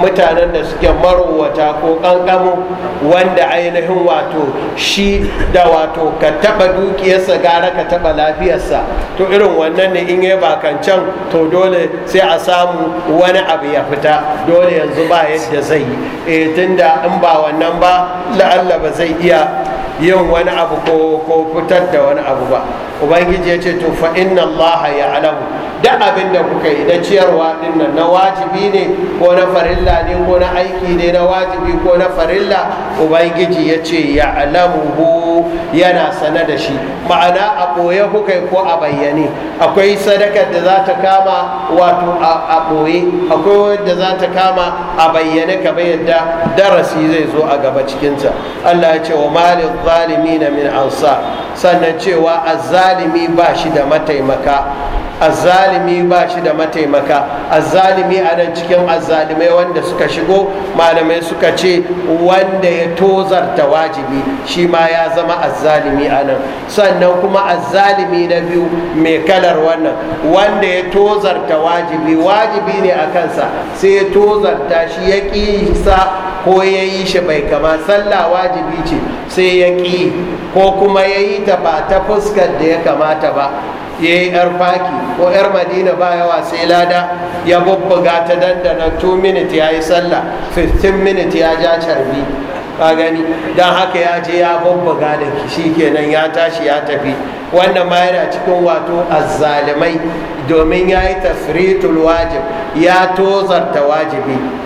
mutanen da suke marowata ko kankamu wanda ainihin wato shi da wato ka taba dukiyarsa gara ka taba lafiyarsa to irin wannan ne in yi bakancan to dole sai a samu wani abu ya fita dole yanzu ba yadda zai yi eh, tunda in ba wannan ba la'alla ba zai iya yin wani abu ko fitar da wani abu ba ubangiji ya ce to fa inna allaha ya alamu duk abin da kuka yi na ciyarwa din nan na wajibi ne ko na farilla ne ko na aiki ne na wajibi ko na farilla ubangiji ya ce ya alamu yana sana da shi ma'ana a ɓoye kuka ko a bayyane akwai sadakar da za ta kama wato a ɓoye akwai wadda za ta kama a bayyane kamar yadda darasi zai zo a gaba cikinta. allah ya ce wa malin zalimi na min ansa sannan cewa azzalimi ba shi da mataimaka azzalimi ba shi da mataimaka azzalimi a nan cikin azzalimai wanda suka shigo malamai suka ce wanda ya tozarta wajibi shi ma ya zama azzalimi a nan sannan kuma azzalimi na biyu mai kalar wannan wanda ya tozarta wajibi wajibi ne a kansa sai ya tozarta shi ya ƙi sa ko ya yi shi bai kama sallah wajibi ce sai ya ƙi ko kuma ya yi ta ba ta fuskar da ya kamata ba ya yi yar faki ko yar madina ba yawa sai lada ya bubbuga ta dandana 2 minutes ya yi sallah 15 minutes ya ja carbi ka gani don haka ya je ya bubbuga da shi kenan ya tashi ya tafi wannan ma yana cikin wato azzalimai domin ya yi tafritul wajib ya tozarta wajibi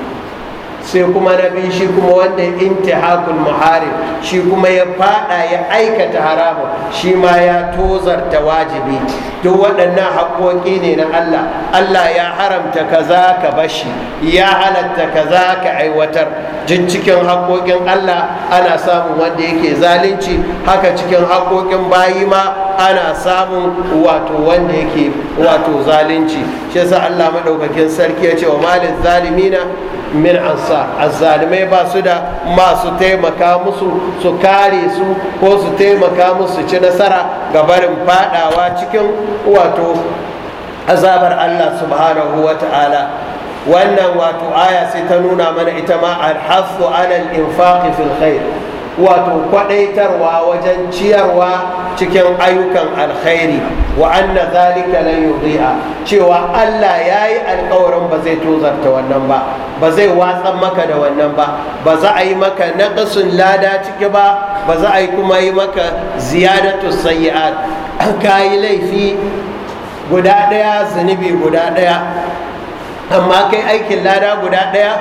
sai kuma na biyu shi kuma wanda intihakul muharim shi kuma ya fada ya aikata haramu. shi ma ya tozarta wajibi duk waɗannan haƙoƙi ne na Allah Allah ya haramta kaza ka bashi ya halatta kaza ka aiwatar jin cikin haƙoƙin Allah ana samun wanda yake zalunci haka cikin haƙoƙin bayi ma ana samun wato wanda yake wato zalunci shi yasa Allah madaukakin sarki ya ce wa malin zalimina min ansa azzalimai ba su da masu taimaka musu su kare su ko su taimaka musu ci nasara ga barin fadawa cikin wato azabar Allah subhanahu wa ta'ala wannan wato aya sai ta nuna mana ita ma alhasu alal infaqi fil khair wato kwadaitarwa wajen ciyarwa cikin ayyukan alkhairi wa anna zalika lan yudhi'a cewa Allah yayi alkawarin ba zai tozarta wannan ba ba zai watsan maka da wannan ba ba za a yi maka naqsun lada ciki ba ba za a yi kuma yi maka ziyadatu sayyi'at kayi laifi guda daya zunubi guda daya amma kai aikin lada guda daya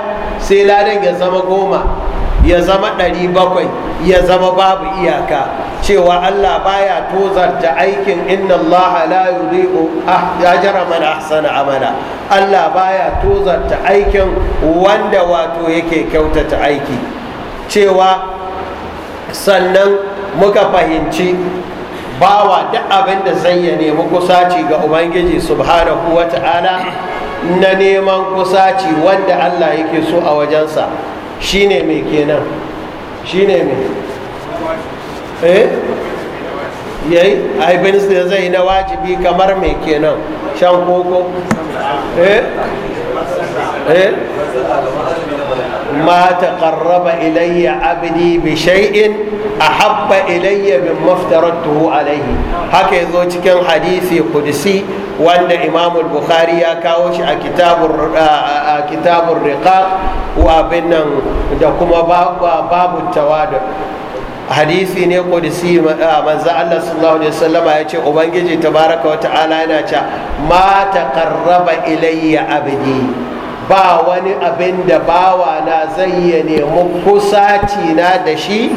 sai ladan ya zama goma ya zama ɗari bakwai ya zama babu iyaka cewa Allah baya tozarta aikin inna Allah la ya ah-, ajra man ahsana amala Allah baya tozarta aikin wanda wato yake kyautata aiki cewa sannan muka fahimci bawa duk abin da zai ya nemi kusaci ga ubangiji subhanahu wa ta'ala na neman kusaci wanda Allah yake so a wajensa ne mai kenan shine mai eh yayi abinsu da zai na wajibi kamar mai kenan shan koko eh eh ما تقرب إلي عبدي بشيء أحب إلي مما افترضته عليه هكذا كان حديث قدسي وأن إمام البخاري كاوش كتاب كتاب الرقاق وابن دكما باب التوادع hadisi ne kudisi manzo Allah sallallahu alaihi wasallama ya ce ubangiji tabaraka wa ta'ala yana ce ma taqarraba ilayya abdi ba wani abin da bawa na zai ya nemi kusaci na da shi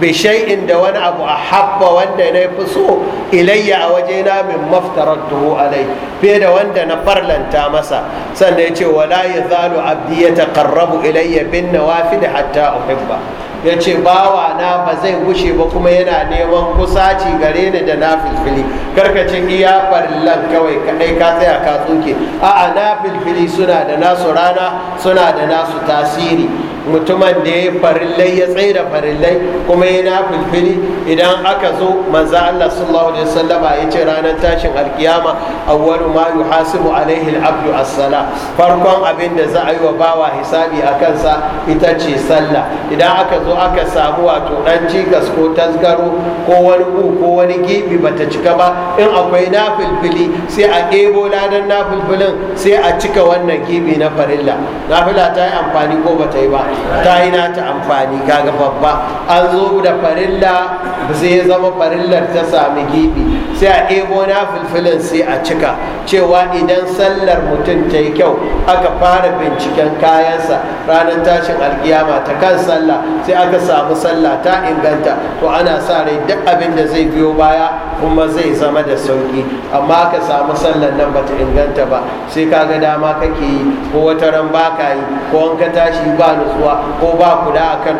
bishai da wani abu a habba wanda na fi so ilayya a waje na maftarar maftaratuhu alai fiye da wanda na farlanta masa sannan ya ce wala ya zalu abdi ya taqarrabu ilayya bin wafi da hatta uhibba ya ce bawa na ba zai gushe ba kuma yana neman kusaci gare ni da na filfili karkacin iya farillan kawai kadai ka tsaya ka tsuke a'a na filfili suna da nasu rana suna da nasu tasiri mutumin da ya farillai ya tsaye da farillai kuma yana filfili idan aka zo maza Allah sallallahu alaihi wasallama ya ce ranar tashin alkiyama awwalu ma yuhasibu alaihi al-abdu as-sala farkon abin da za a yi wa bawa hisabi a kansa ita ce sallah idan aka zo aka samu wato dan cikas ko tasgaro ko wani ku ko wani gibi bata cika ba in akwai nafilfili sai a ɗebo ladan nafilfilin sai a cika wannan gibi na farilla nafila ta yi amfani ko bata yi ba ta yi nata amfani kaga babba an zo da farilla sai ya zama farillar ta sami gibi sai a ɗebo na filfilin sai a cika cewa idan sallar mutum ta yi kyau aka fara binciken kayansa ranar tashin alkiyama ta kan sallah sai aka samu sallah ta inganta to ana sa rai duk abin da zai biyo baya kuma zai zama da sauki amma ka samu sallar nan bata inganta ba sai kaga dama kake yi ko wata ran ka yi ko an ka tashi ba nutsuwa haihuwa ko ba kula akan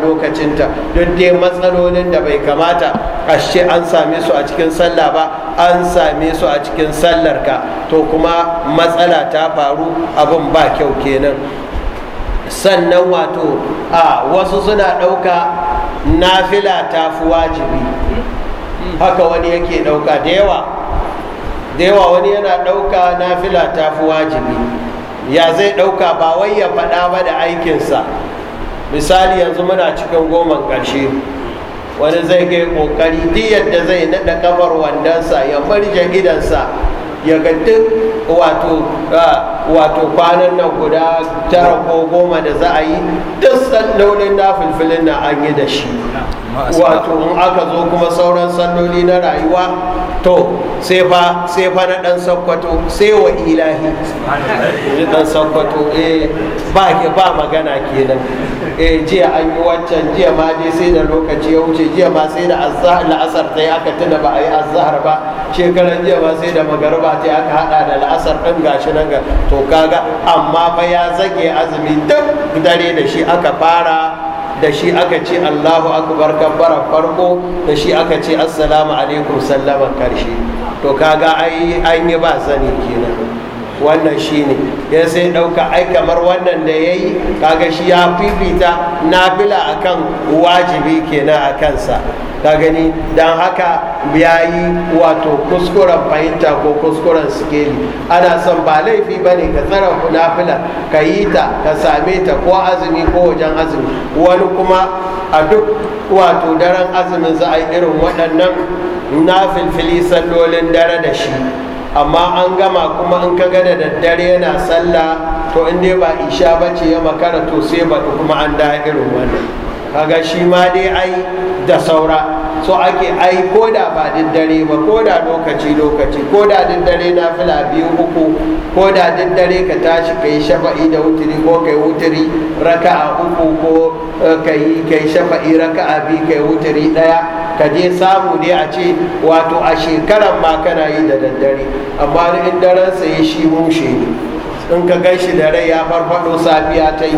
ta don dai matsalolin da bai kamata ashe an same su a cikin sallah ba an same su a cikin sallar ka to kuma matsala ta faru abin ba kyau kenan sannan wato a wasu suna ɗauka nafila ta fi wajibi haka wani yake ɗauka da yawa da yawa wani yana ɗauka nafila ta fi wajibi ya zai ɗauka ba wai ya faɗa ba da aikinsa misali yanzu muna cikin goman ƙarshe wani zai kai ƙoƙari duk yadda zai naɗa ƙafar wandonsa ya marje gidansa ya ga duk wato ah, wato kwanan nan guda tara ko goma da za a yi duk sallolin na filfilin na an yi da shi wato in aka zo kuma sauran salloli na rayuwa to sai fa sai fa na dan sakkwato sai wa ilahi ni dan sakkwato eh ba ke ba magana kenan eh jiya an yi wancan jiya ma dai sai da lokaci ya wuce jiya ma sai da la'asar ta yi aka tuna ba a yi azhar ba shekaran jiya ma sai da magarba ta aka hada da la'asar din gashi nan ga to to kaga amma fa ya zage azumi duk dare da shi aka fara da shi aka ce Allahu akbar kabbara farko da shi aka ce assalamu alaikum sallama karshe to kaga ai an yi ba sani kenan wannan shi ne ya sai ɗauka ai kamar wannan da ya yi kaga shi ya fifita nafila akan wajibi kenan a kansa ka gani don haka ya yi wato kuskuren fahimta ko kuskuren sikeli ana son ba laifi ba ne ka tsara nafila ka yi ta ka same ta ko azumi ko wajen azumi wani kuma a duk wato daren azumin za a yi irin waɗannan na filfili sallolin dare da shi amma an gama kuma in ka ga da daddare yana sallah to in dai ba isha ba ce ya makara to sai ba kuma an da irin wannan kaga shi ma dai ai da saura so ake ai ko da ba daddare ba ko da lokaci lokaci ko da daddare na fila biyu uku ko da daddare ka tashi ka yi shafa'i da wuturi ko ka yi wuturi a uku ko eh, ka yi shafa'i a biyu ka yi wuturi daya ka je samu ne a ce wato a shekaran ma kana yi da daddare amma in daren sa ya shi mushe in ka gan shi da rai ya farfado safiya ta yi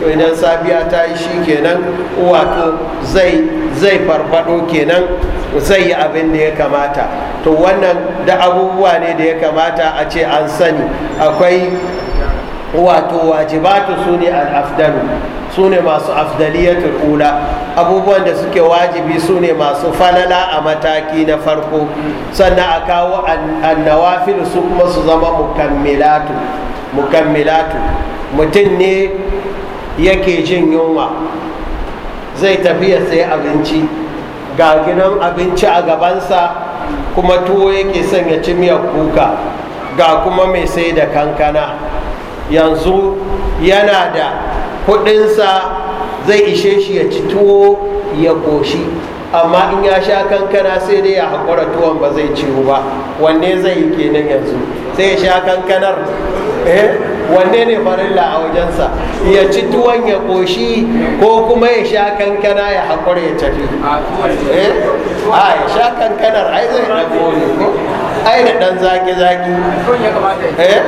to idan safiya ta yi shi kenan wato zai zai farfado kenan zai yi abin da ya kamata to wannan da abubuwa ne da ya kamata a ce an sani akwai wato wajibatu su ne al-afdalu su ne masu afdaliyatul ula abubuwan da suke wajibi su ne masu falala a mataki na farko sannan a kawo annawafil su kuma su zama mukammilatu mutum ne yake jin yunwa zai tafi ya sayi abinci ga gidan abinci a gabansa kuma tuwo yake son ya ci miyar kuka ga kuma mai sai da kankana yanzu yana da kudinsa zai ishe shi ya ci tuwo ya koshi amma in ya sha kankana sai dai ya haƙura tuwon ba zai ciwo ba wanne zai yi kenan yanzu sai ya sha kankanar eh? wanne ne farilla a wajensa ya ci tuwon ya koshi ko kuma ya sha kankana ya haƙura ya tafi a eh? ya sha kankanar ai zai ne ai da ɗan zaki-zaki eh?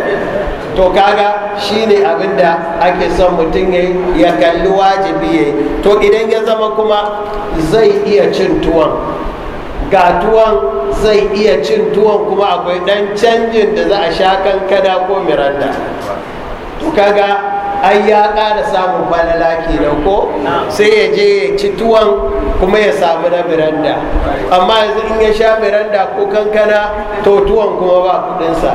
to kaga shine abin da ake son mutum ya ya kalli wajibi ya to idan ya zama kuma zai iya cin tuwon ga tuwon zai iya cin tuwon kuma akwai dan canjin da za a sha kankana ko miranda to kaga ai ya ƙara samun falala kenan ko sai ya je ya ci tuwon kuma ya samu na miranda amma yanzu in ya sha miranda ko kankana to tuwon kuma ba kudinsa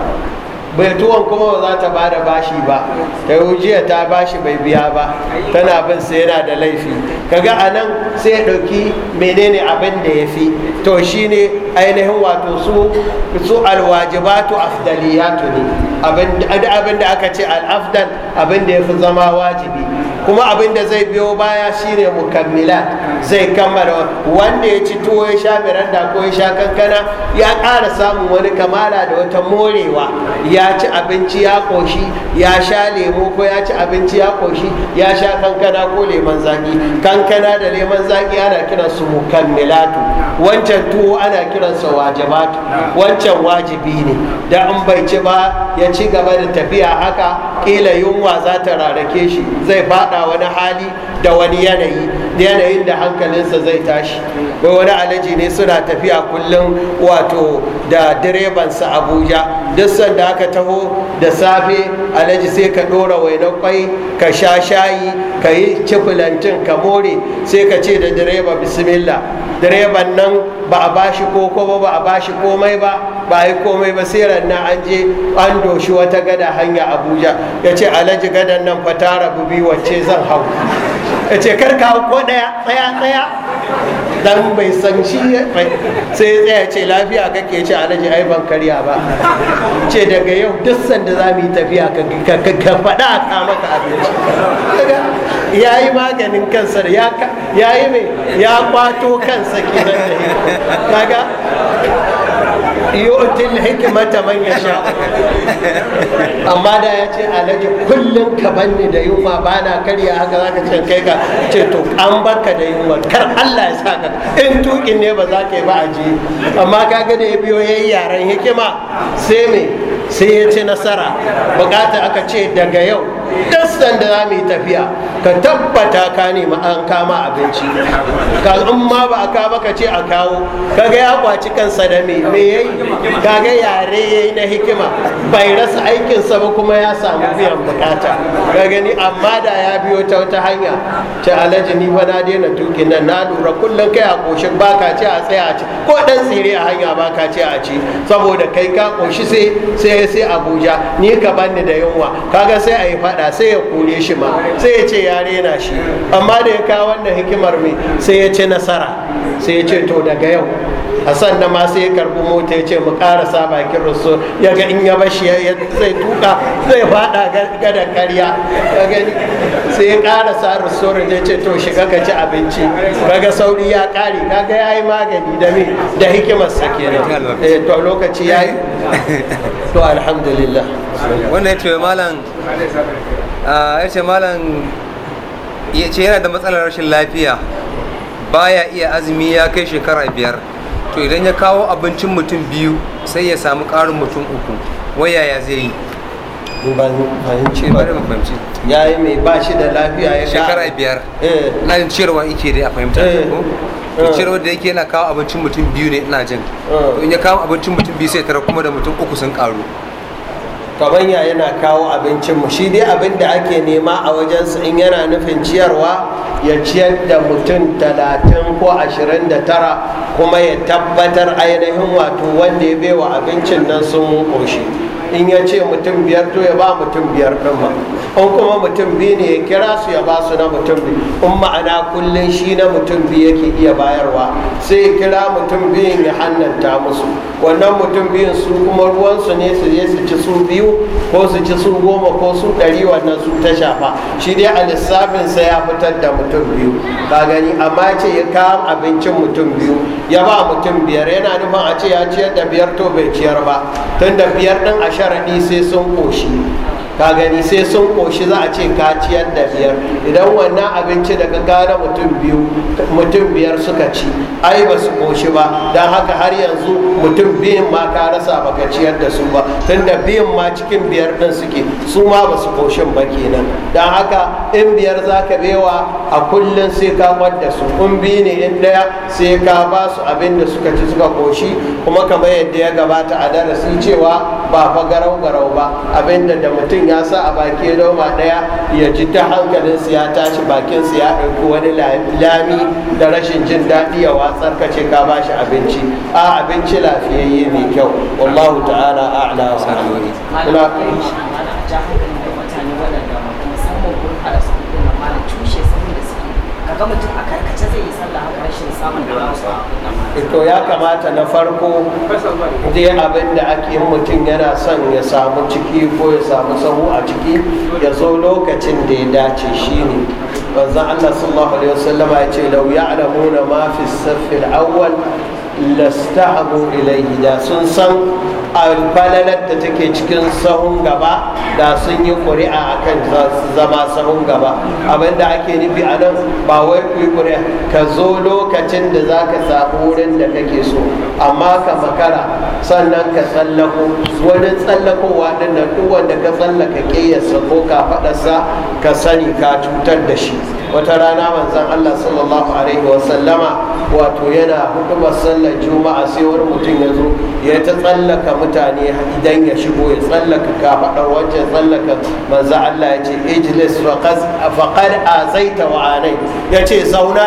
bai tuwon kuma ba za ta ba da bashi ba ta jiya ta bashi bai biya ba tana bin sai yana da laifi kaga a nan sai ya ɗauki menene abin da ya fi to shi ne ainihin wato su su alwajibatu afdaliyatu ne abin da aka ce al'afdal abin da ya fi zama wajibi kuma abin da zai biyo baya shine mukammila zai kammala wanda ya ci tuwo ya sha miranda ko ya sha kankana ya ƙara samun wani kamala da wata morewa ya ci abinci ya ƙoshi ya sha lemo ko ya ci abinci ya ƙoshi ya sha kankana ko leman zaki kankana da leman zaƙi ana kiransu su mukammilatu wancan tuwo ana kiransa wajibatu wancan wajibi ne da an bai ci ba ya ci gaba da tafiya haka kila yunwa za ta rarake shi zai ba faɗa wani hali da wani yanayi yanayin da hankalinsa zai tashi wai wani alaji ne suna tafiya kullum wato da direban sa abuja duk sanda aka taho da safe alaji sai ka ɗora wainan kwai ka sha shayi ka yi cifilantin ka more sai ka ce da direba bismillah direban nan ba a bashi koko ba ba a bashi komai ba ba yi komai ba sai ranna an je an doshi wata gada hanya abuja ya ce alaji gadan nan fatara bubi wacce zan hau ya ce kar ka ko daya tsaya tsaya dan bai san shi sai ya ce lafiya kake ce alhaji ai ban karya ba ce daga yau duk sanda za mu yi tafiya ka faɗa a maka abinci ya yi maganin kansa ya yi mai ya kwato kansa kenan da kaga yu'ti hikima ta man yasha amma da ya ce alaji kullum ka banni da yunwa ba na karya haka za ka can kai ka ce to an baka da yunwa kar Allah ya sa ka in tukin ne ba za ka yi ba a ji amma ka ga da ya biyo yayi yaren hikima sai me sai ya ce nasara bukata aka ce daga yau dasan da za mu yi tafiya ka tabbata ka nema an kama abinci ka in ma ba a kama ka ce a kawo Ka ga ya kwaci kansa da me me yayi ga yare yayi na hikima bai rasa aikinsa ba kuma ya samu biyan bukata ka gani amma da ya biyo ta wata hanya ta alaji ni fa na daina tuki nan na lura kullum kai a koshin baka ce a tsaya a ci ko dan tsire a hanya baka ce a ci saboda kai ka koshi sai sai sai Abuja ni ka banni da yunwa kaga sai a yi faɗa. yara sai ya kore shi ma sai ya ce ya rena shi amma da ya kawo wannan hikimar mai sai ya ce nasara sai ya ce to daga yau a sannan ma sai ya karbi mota ya ce mu karasa bakin rasu ya ga in ya bashi zai tuka zai fada gada karya sai ya karasa rasu ya ce to shiga ka ci abinci kaga sauri ya kare kaga ya yi magani da me da hikimarsa kenan eh, to lokaci ya yi to alhamdulillah wanda ya ce malam ya ce malam ya ce yana da matsalar rashin lafiya baya iya azumi ya kai shekara biyar to idan ya kawo abincin mutum biyu sai ya samu ƙarin mutum uku ya zai yi ya yi mai ba shi da lafiya ya shekara biyar eh. na ike dai a fahimta eh. ko ya eh. ciro da yake yana kawo abincin mutum biyu ne ina jin eh. in ya kawo abincin mutum biyu sai tara kuma da mutum uku sun karu kabanya yana kawo abincin mu shi dai abin da ake nema a wajen su in yana nufin ciyarwa ya ciyar da mutum talatin ko ashirin da tara kuma ya tabbatar ainihin wato wanda ya baiwa abincin nan sun ƙoshi in ya ce mutum biyar to ya ba mutum biyar ɗin ma in kuma mutum biyu ne ya kira su ya ba su na mutum biyu in ma'ana kullum shi na mutum biyu yake iya bayarwa sai ya kira mutum biyun ya hannanta musu wannan mutum biyun su kuma ruwansu ne su je su ci su biyu ko su ci su goma ko su ɗari wannan su ta shafa shi dai a lissafinsa ya fitar da mutum biyu ba gani amma ce ya kawo abincin mutum biyu ya ba mutum biyar yana nufin a ce ya ciyar da biyar to bai ciyar ba tun da biyar ɗin a sharaɗi sai sun ƙoshi ka gani sai sun koshi za a ce ka ciyar da biyar idan wannan abinci daga gara mutum biyu biyar suka ci ai ba su koshi ba don haka har yanzu mutum biyun ma ka rasa baka ciyar da su ba tunda biyun ma cikin biyar ɗin suke su ma ba su koshin ba kenan don haka in biyar za ka bewa a kullum sai ka da su kun biyu ne in ɗaya sai ka ba su abin da suka ci suka koshi kuma kamar yadda ya gabata a darasi cewa ba fa garau garau ba abin da mutum ya sa a baki noma ɗaya ya ji ta su ya tashi su ya ɗauki wani lami da rashin jin daɗi ya watsar ka ce ka ba shi abinci a abinci lafiyayye mai kyau wallahu ta'ala a'la wa ga mutum a karkace zai yi sallah haka rashin samun da to ya kamata na farko dai abin da ake mutum yana son ya samu ciki ko ya samu sahu a ciki ya zo lokacin da ya dace shine manzon Allah sallallahu alaihi wasallama ya ce law ya'lamuna ma fi as-saff al lasta lasta'abu ilayhi da sun san a da take cikin sahun gaba da sun yi ƙuri'a a kan zama sahun gaba abinda ake nufi a nan ba wai ku yi ƙuri'a ka zo lokacin da za ka samu wurin da kake so amma ka makara sannan ka tsallako wani tsallakowa ɗin da duk wanda ka tsallaka ƙiyarsa ko ka faɗarsa ka sani ka cutar da shi wata rana manzan Allah sallallahu alaihi sallama wato yana hukumar sallar juma'a sai wani mutum ya zo ya ta tsallaka mutane idan ya shigo ya tsallaka kafaɗar wancan tsallaka manzo Allah ya ce ijlis faqad azaita wa anai ya ce zauna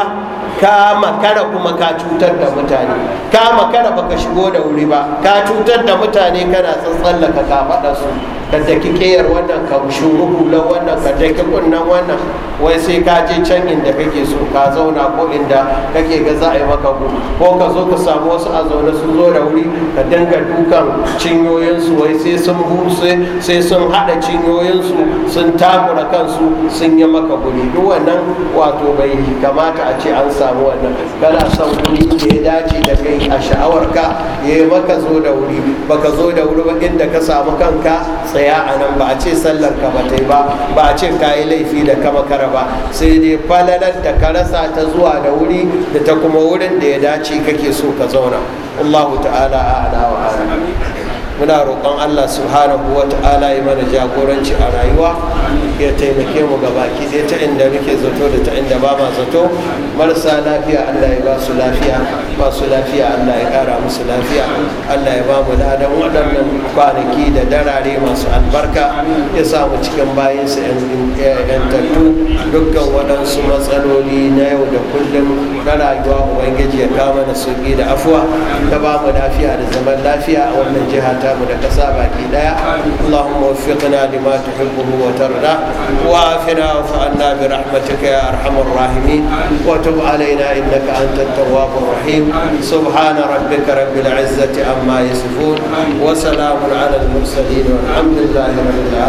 ka makara kuma ka cutar da mutane ka makara baka shigo da wuri ba ka cutar da mutane kana tsallaka kafaɗar su ka daki wannan ka shuru hular wannan ka daki kunnan wannan wai sai ka je can inda kake so ka zauna ko inda kake ga za a yi maka gu ko ka zo ka samu wasu a zaune sun zo da wuri ka dinga dukan cinyoyinsu wai sai sun hutse sai sun haɗa cinyoyinsu sun takura kansu sun yi maka guri duk wannan wato bai kamata a ce an samu wannan kana son wuri da ya dace da kai a sha'awarka ya yi maka zo da wuri baka zo da wuri ba inda ka samu kanka tsaye tsaya a nan ba a ce sallar ka ba ta yi ba ba a ce ka yi laifi da ka makara ba sai dai falalar da ka rasa ta zuwa da wuri da ta kuma wurin da ya dace kake so ka zauna allahu ta'ala a alawa muna roƙon allah subhanahu wa ta'ala ya mana jagoranci a rayuwa ya taimake mu ga baki zai ta inda muke zato da ta inda ba ma zato marasa lafiya allah ya ba su lafiya ba su lafiya allah ya kara musu lafiya allah ya ba mu ladan waɗannan kwanaki da darare masu albarka ya samu cikin bayansu yantattu dukkan waɗansu matsaloli na yau da kullum na rayuwa ubangiji ya kama da sauki da afuwa ta ba mu lafiya da zaman lafiya a wannan jiha tamu da ƙasa baki ɗaya allahumma waffiqna lima tuhibbu wa tarda وافنا وفعلنا برحمتك يا ارحم الراحمين وتب علينا انك انت التواب الرحيم سبحان ربك رب العزه عما يصفون وسلام على المرسلين والحمد لله رب العالمين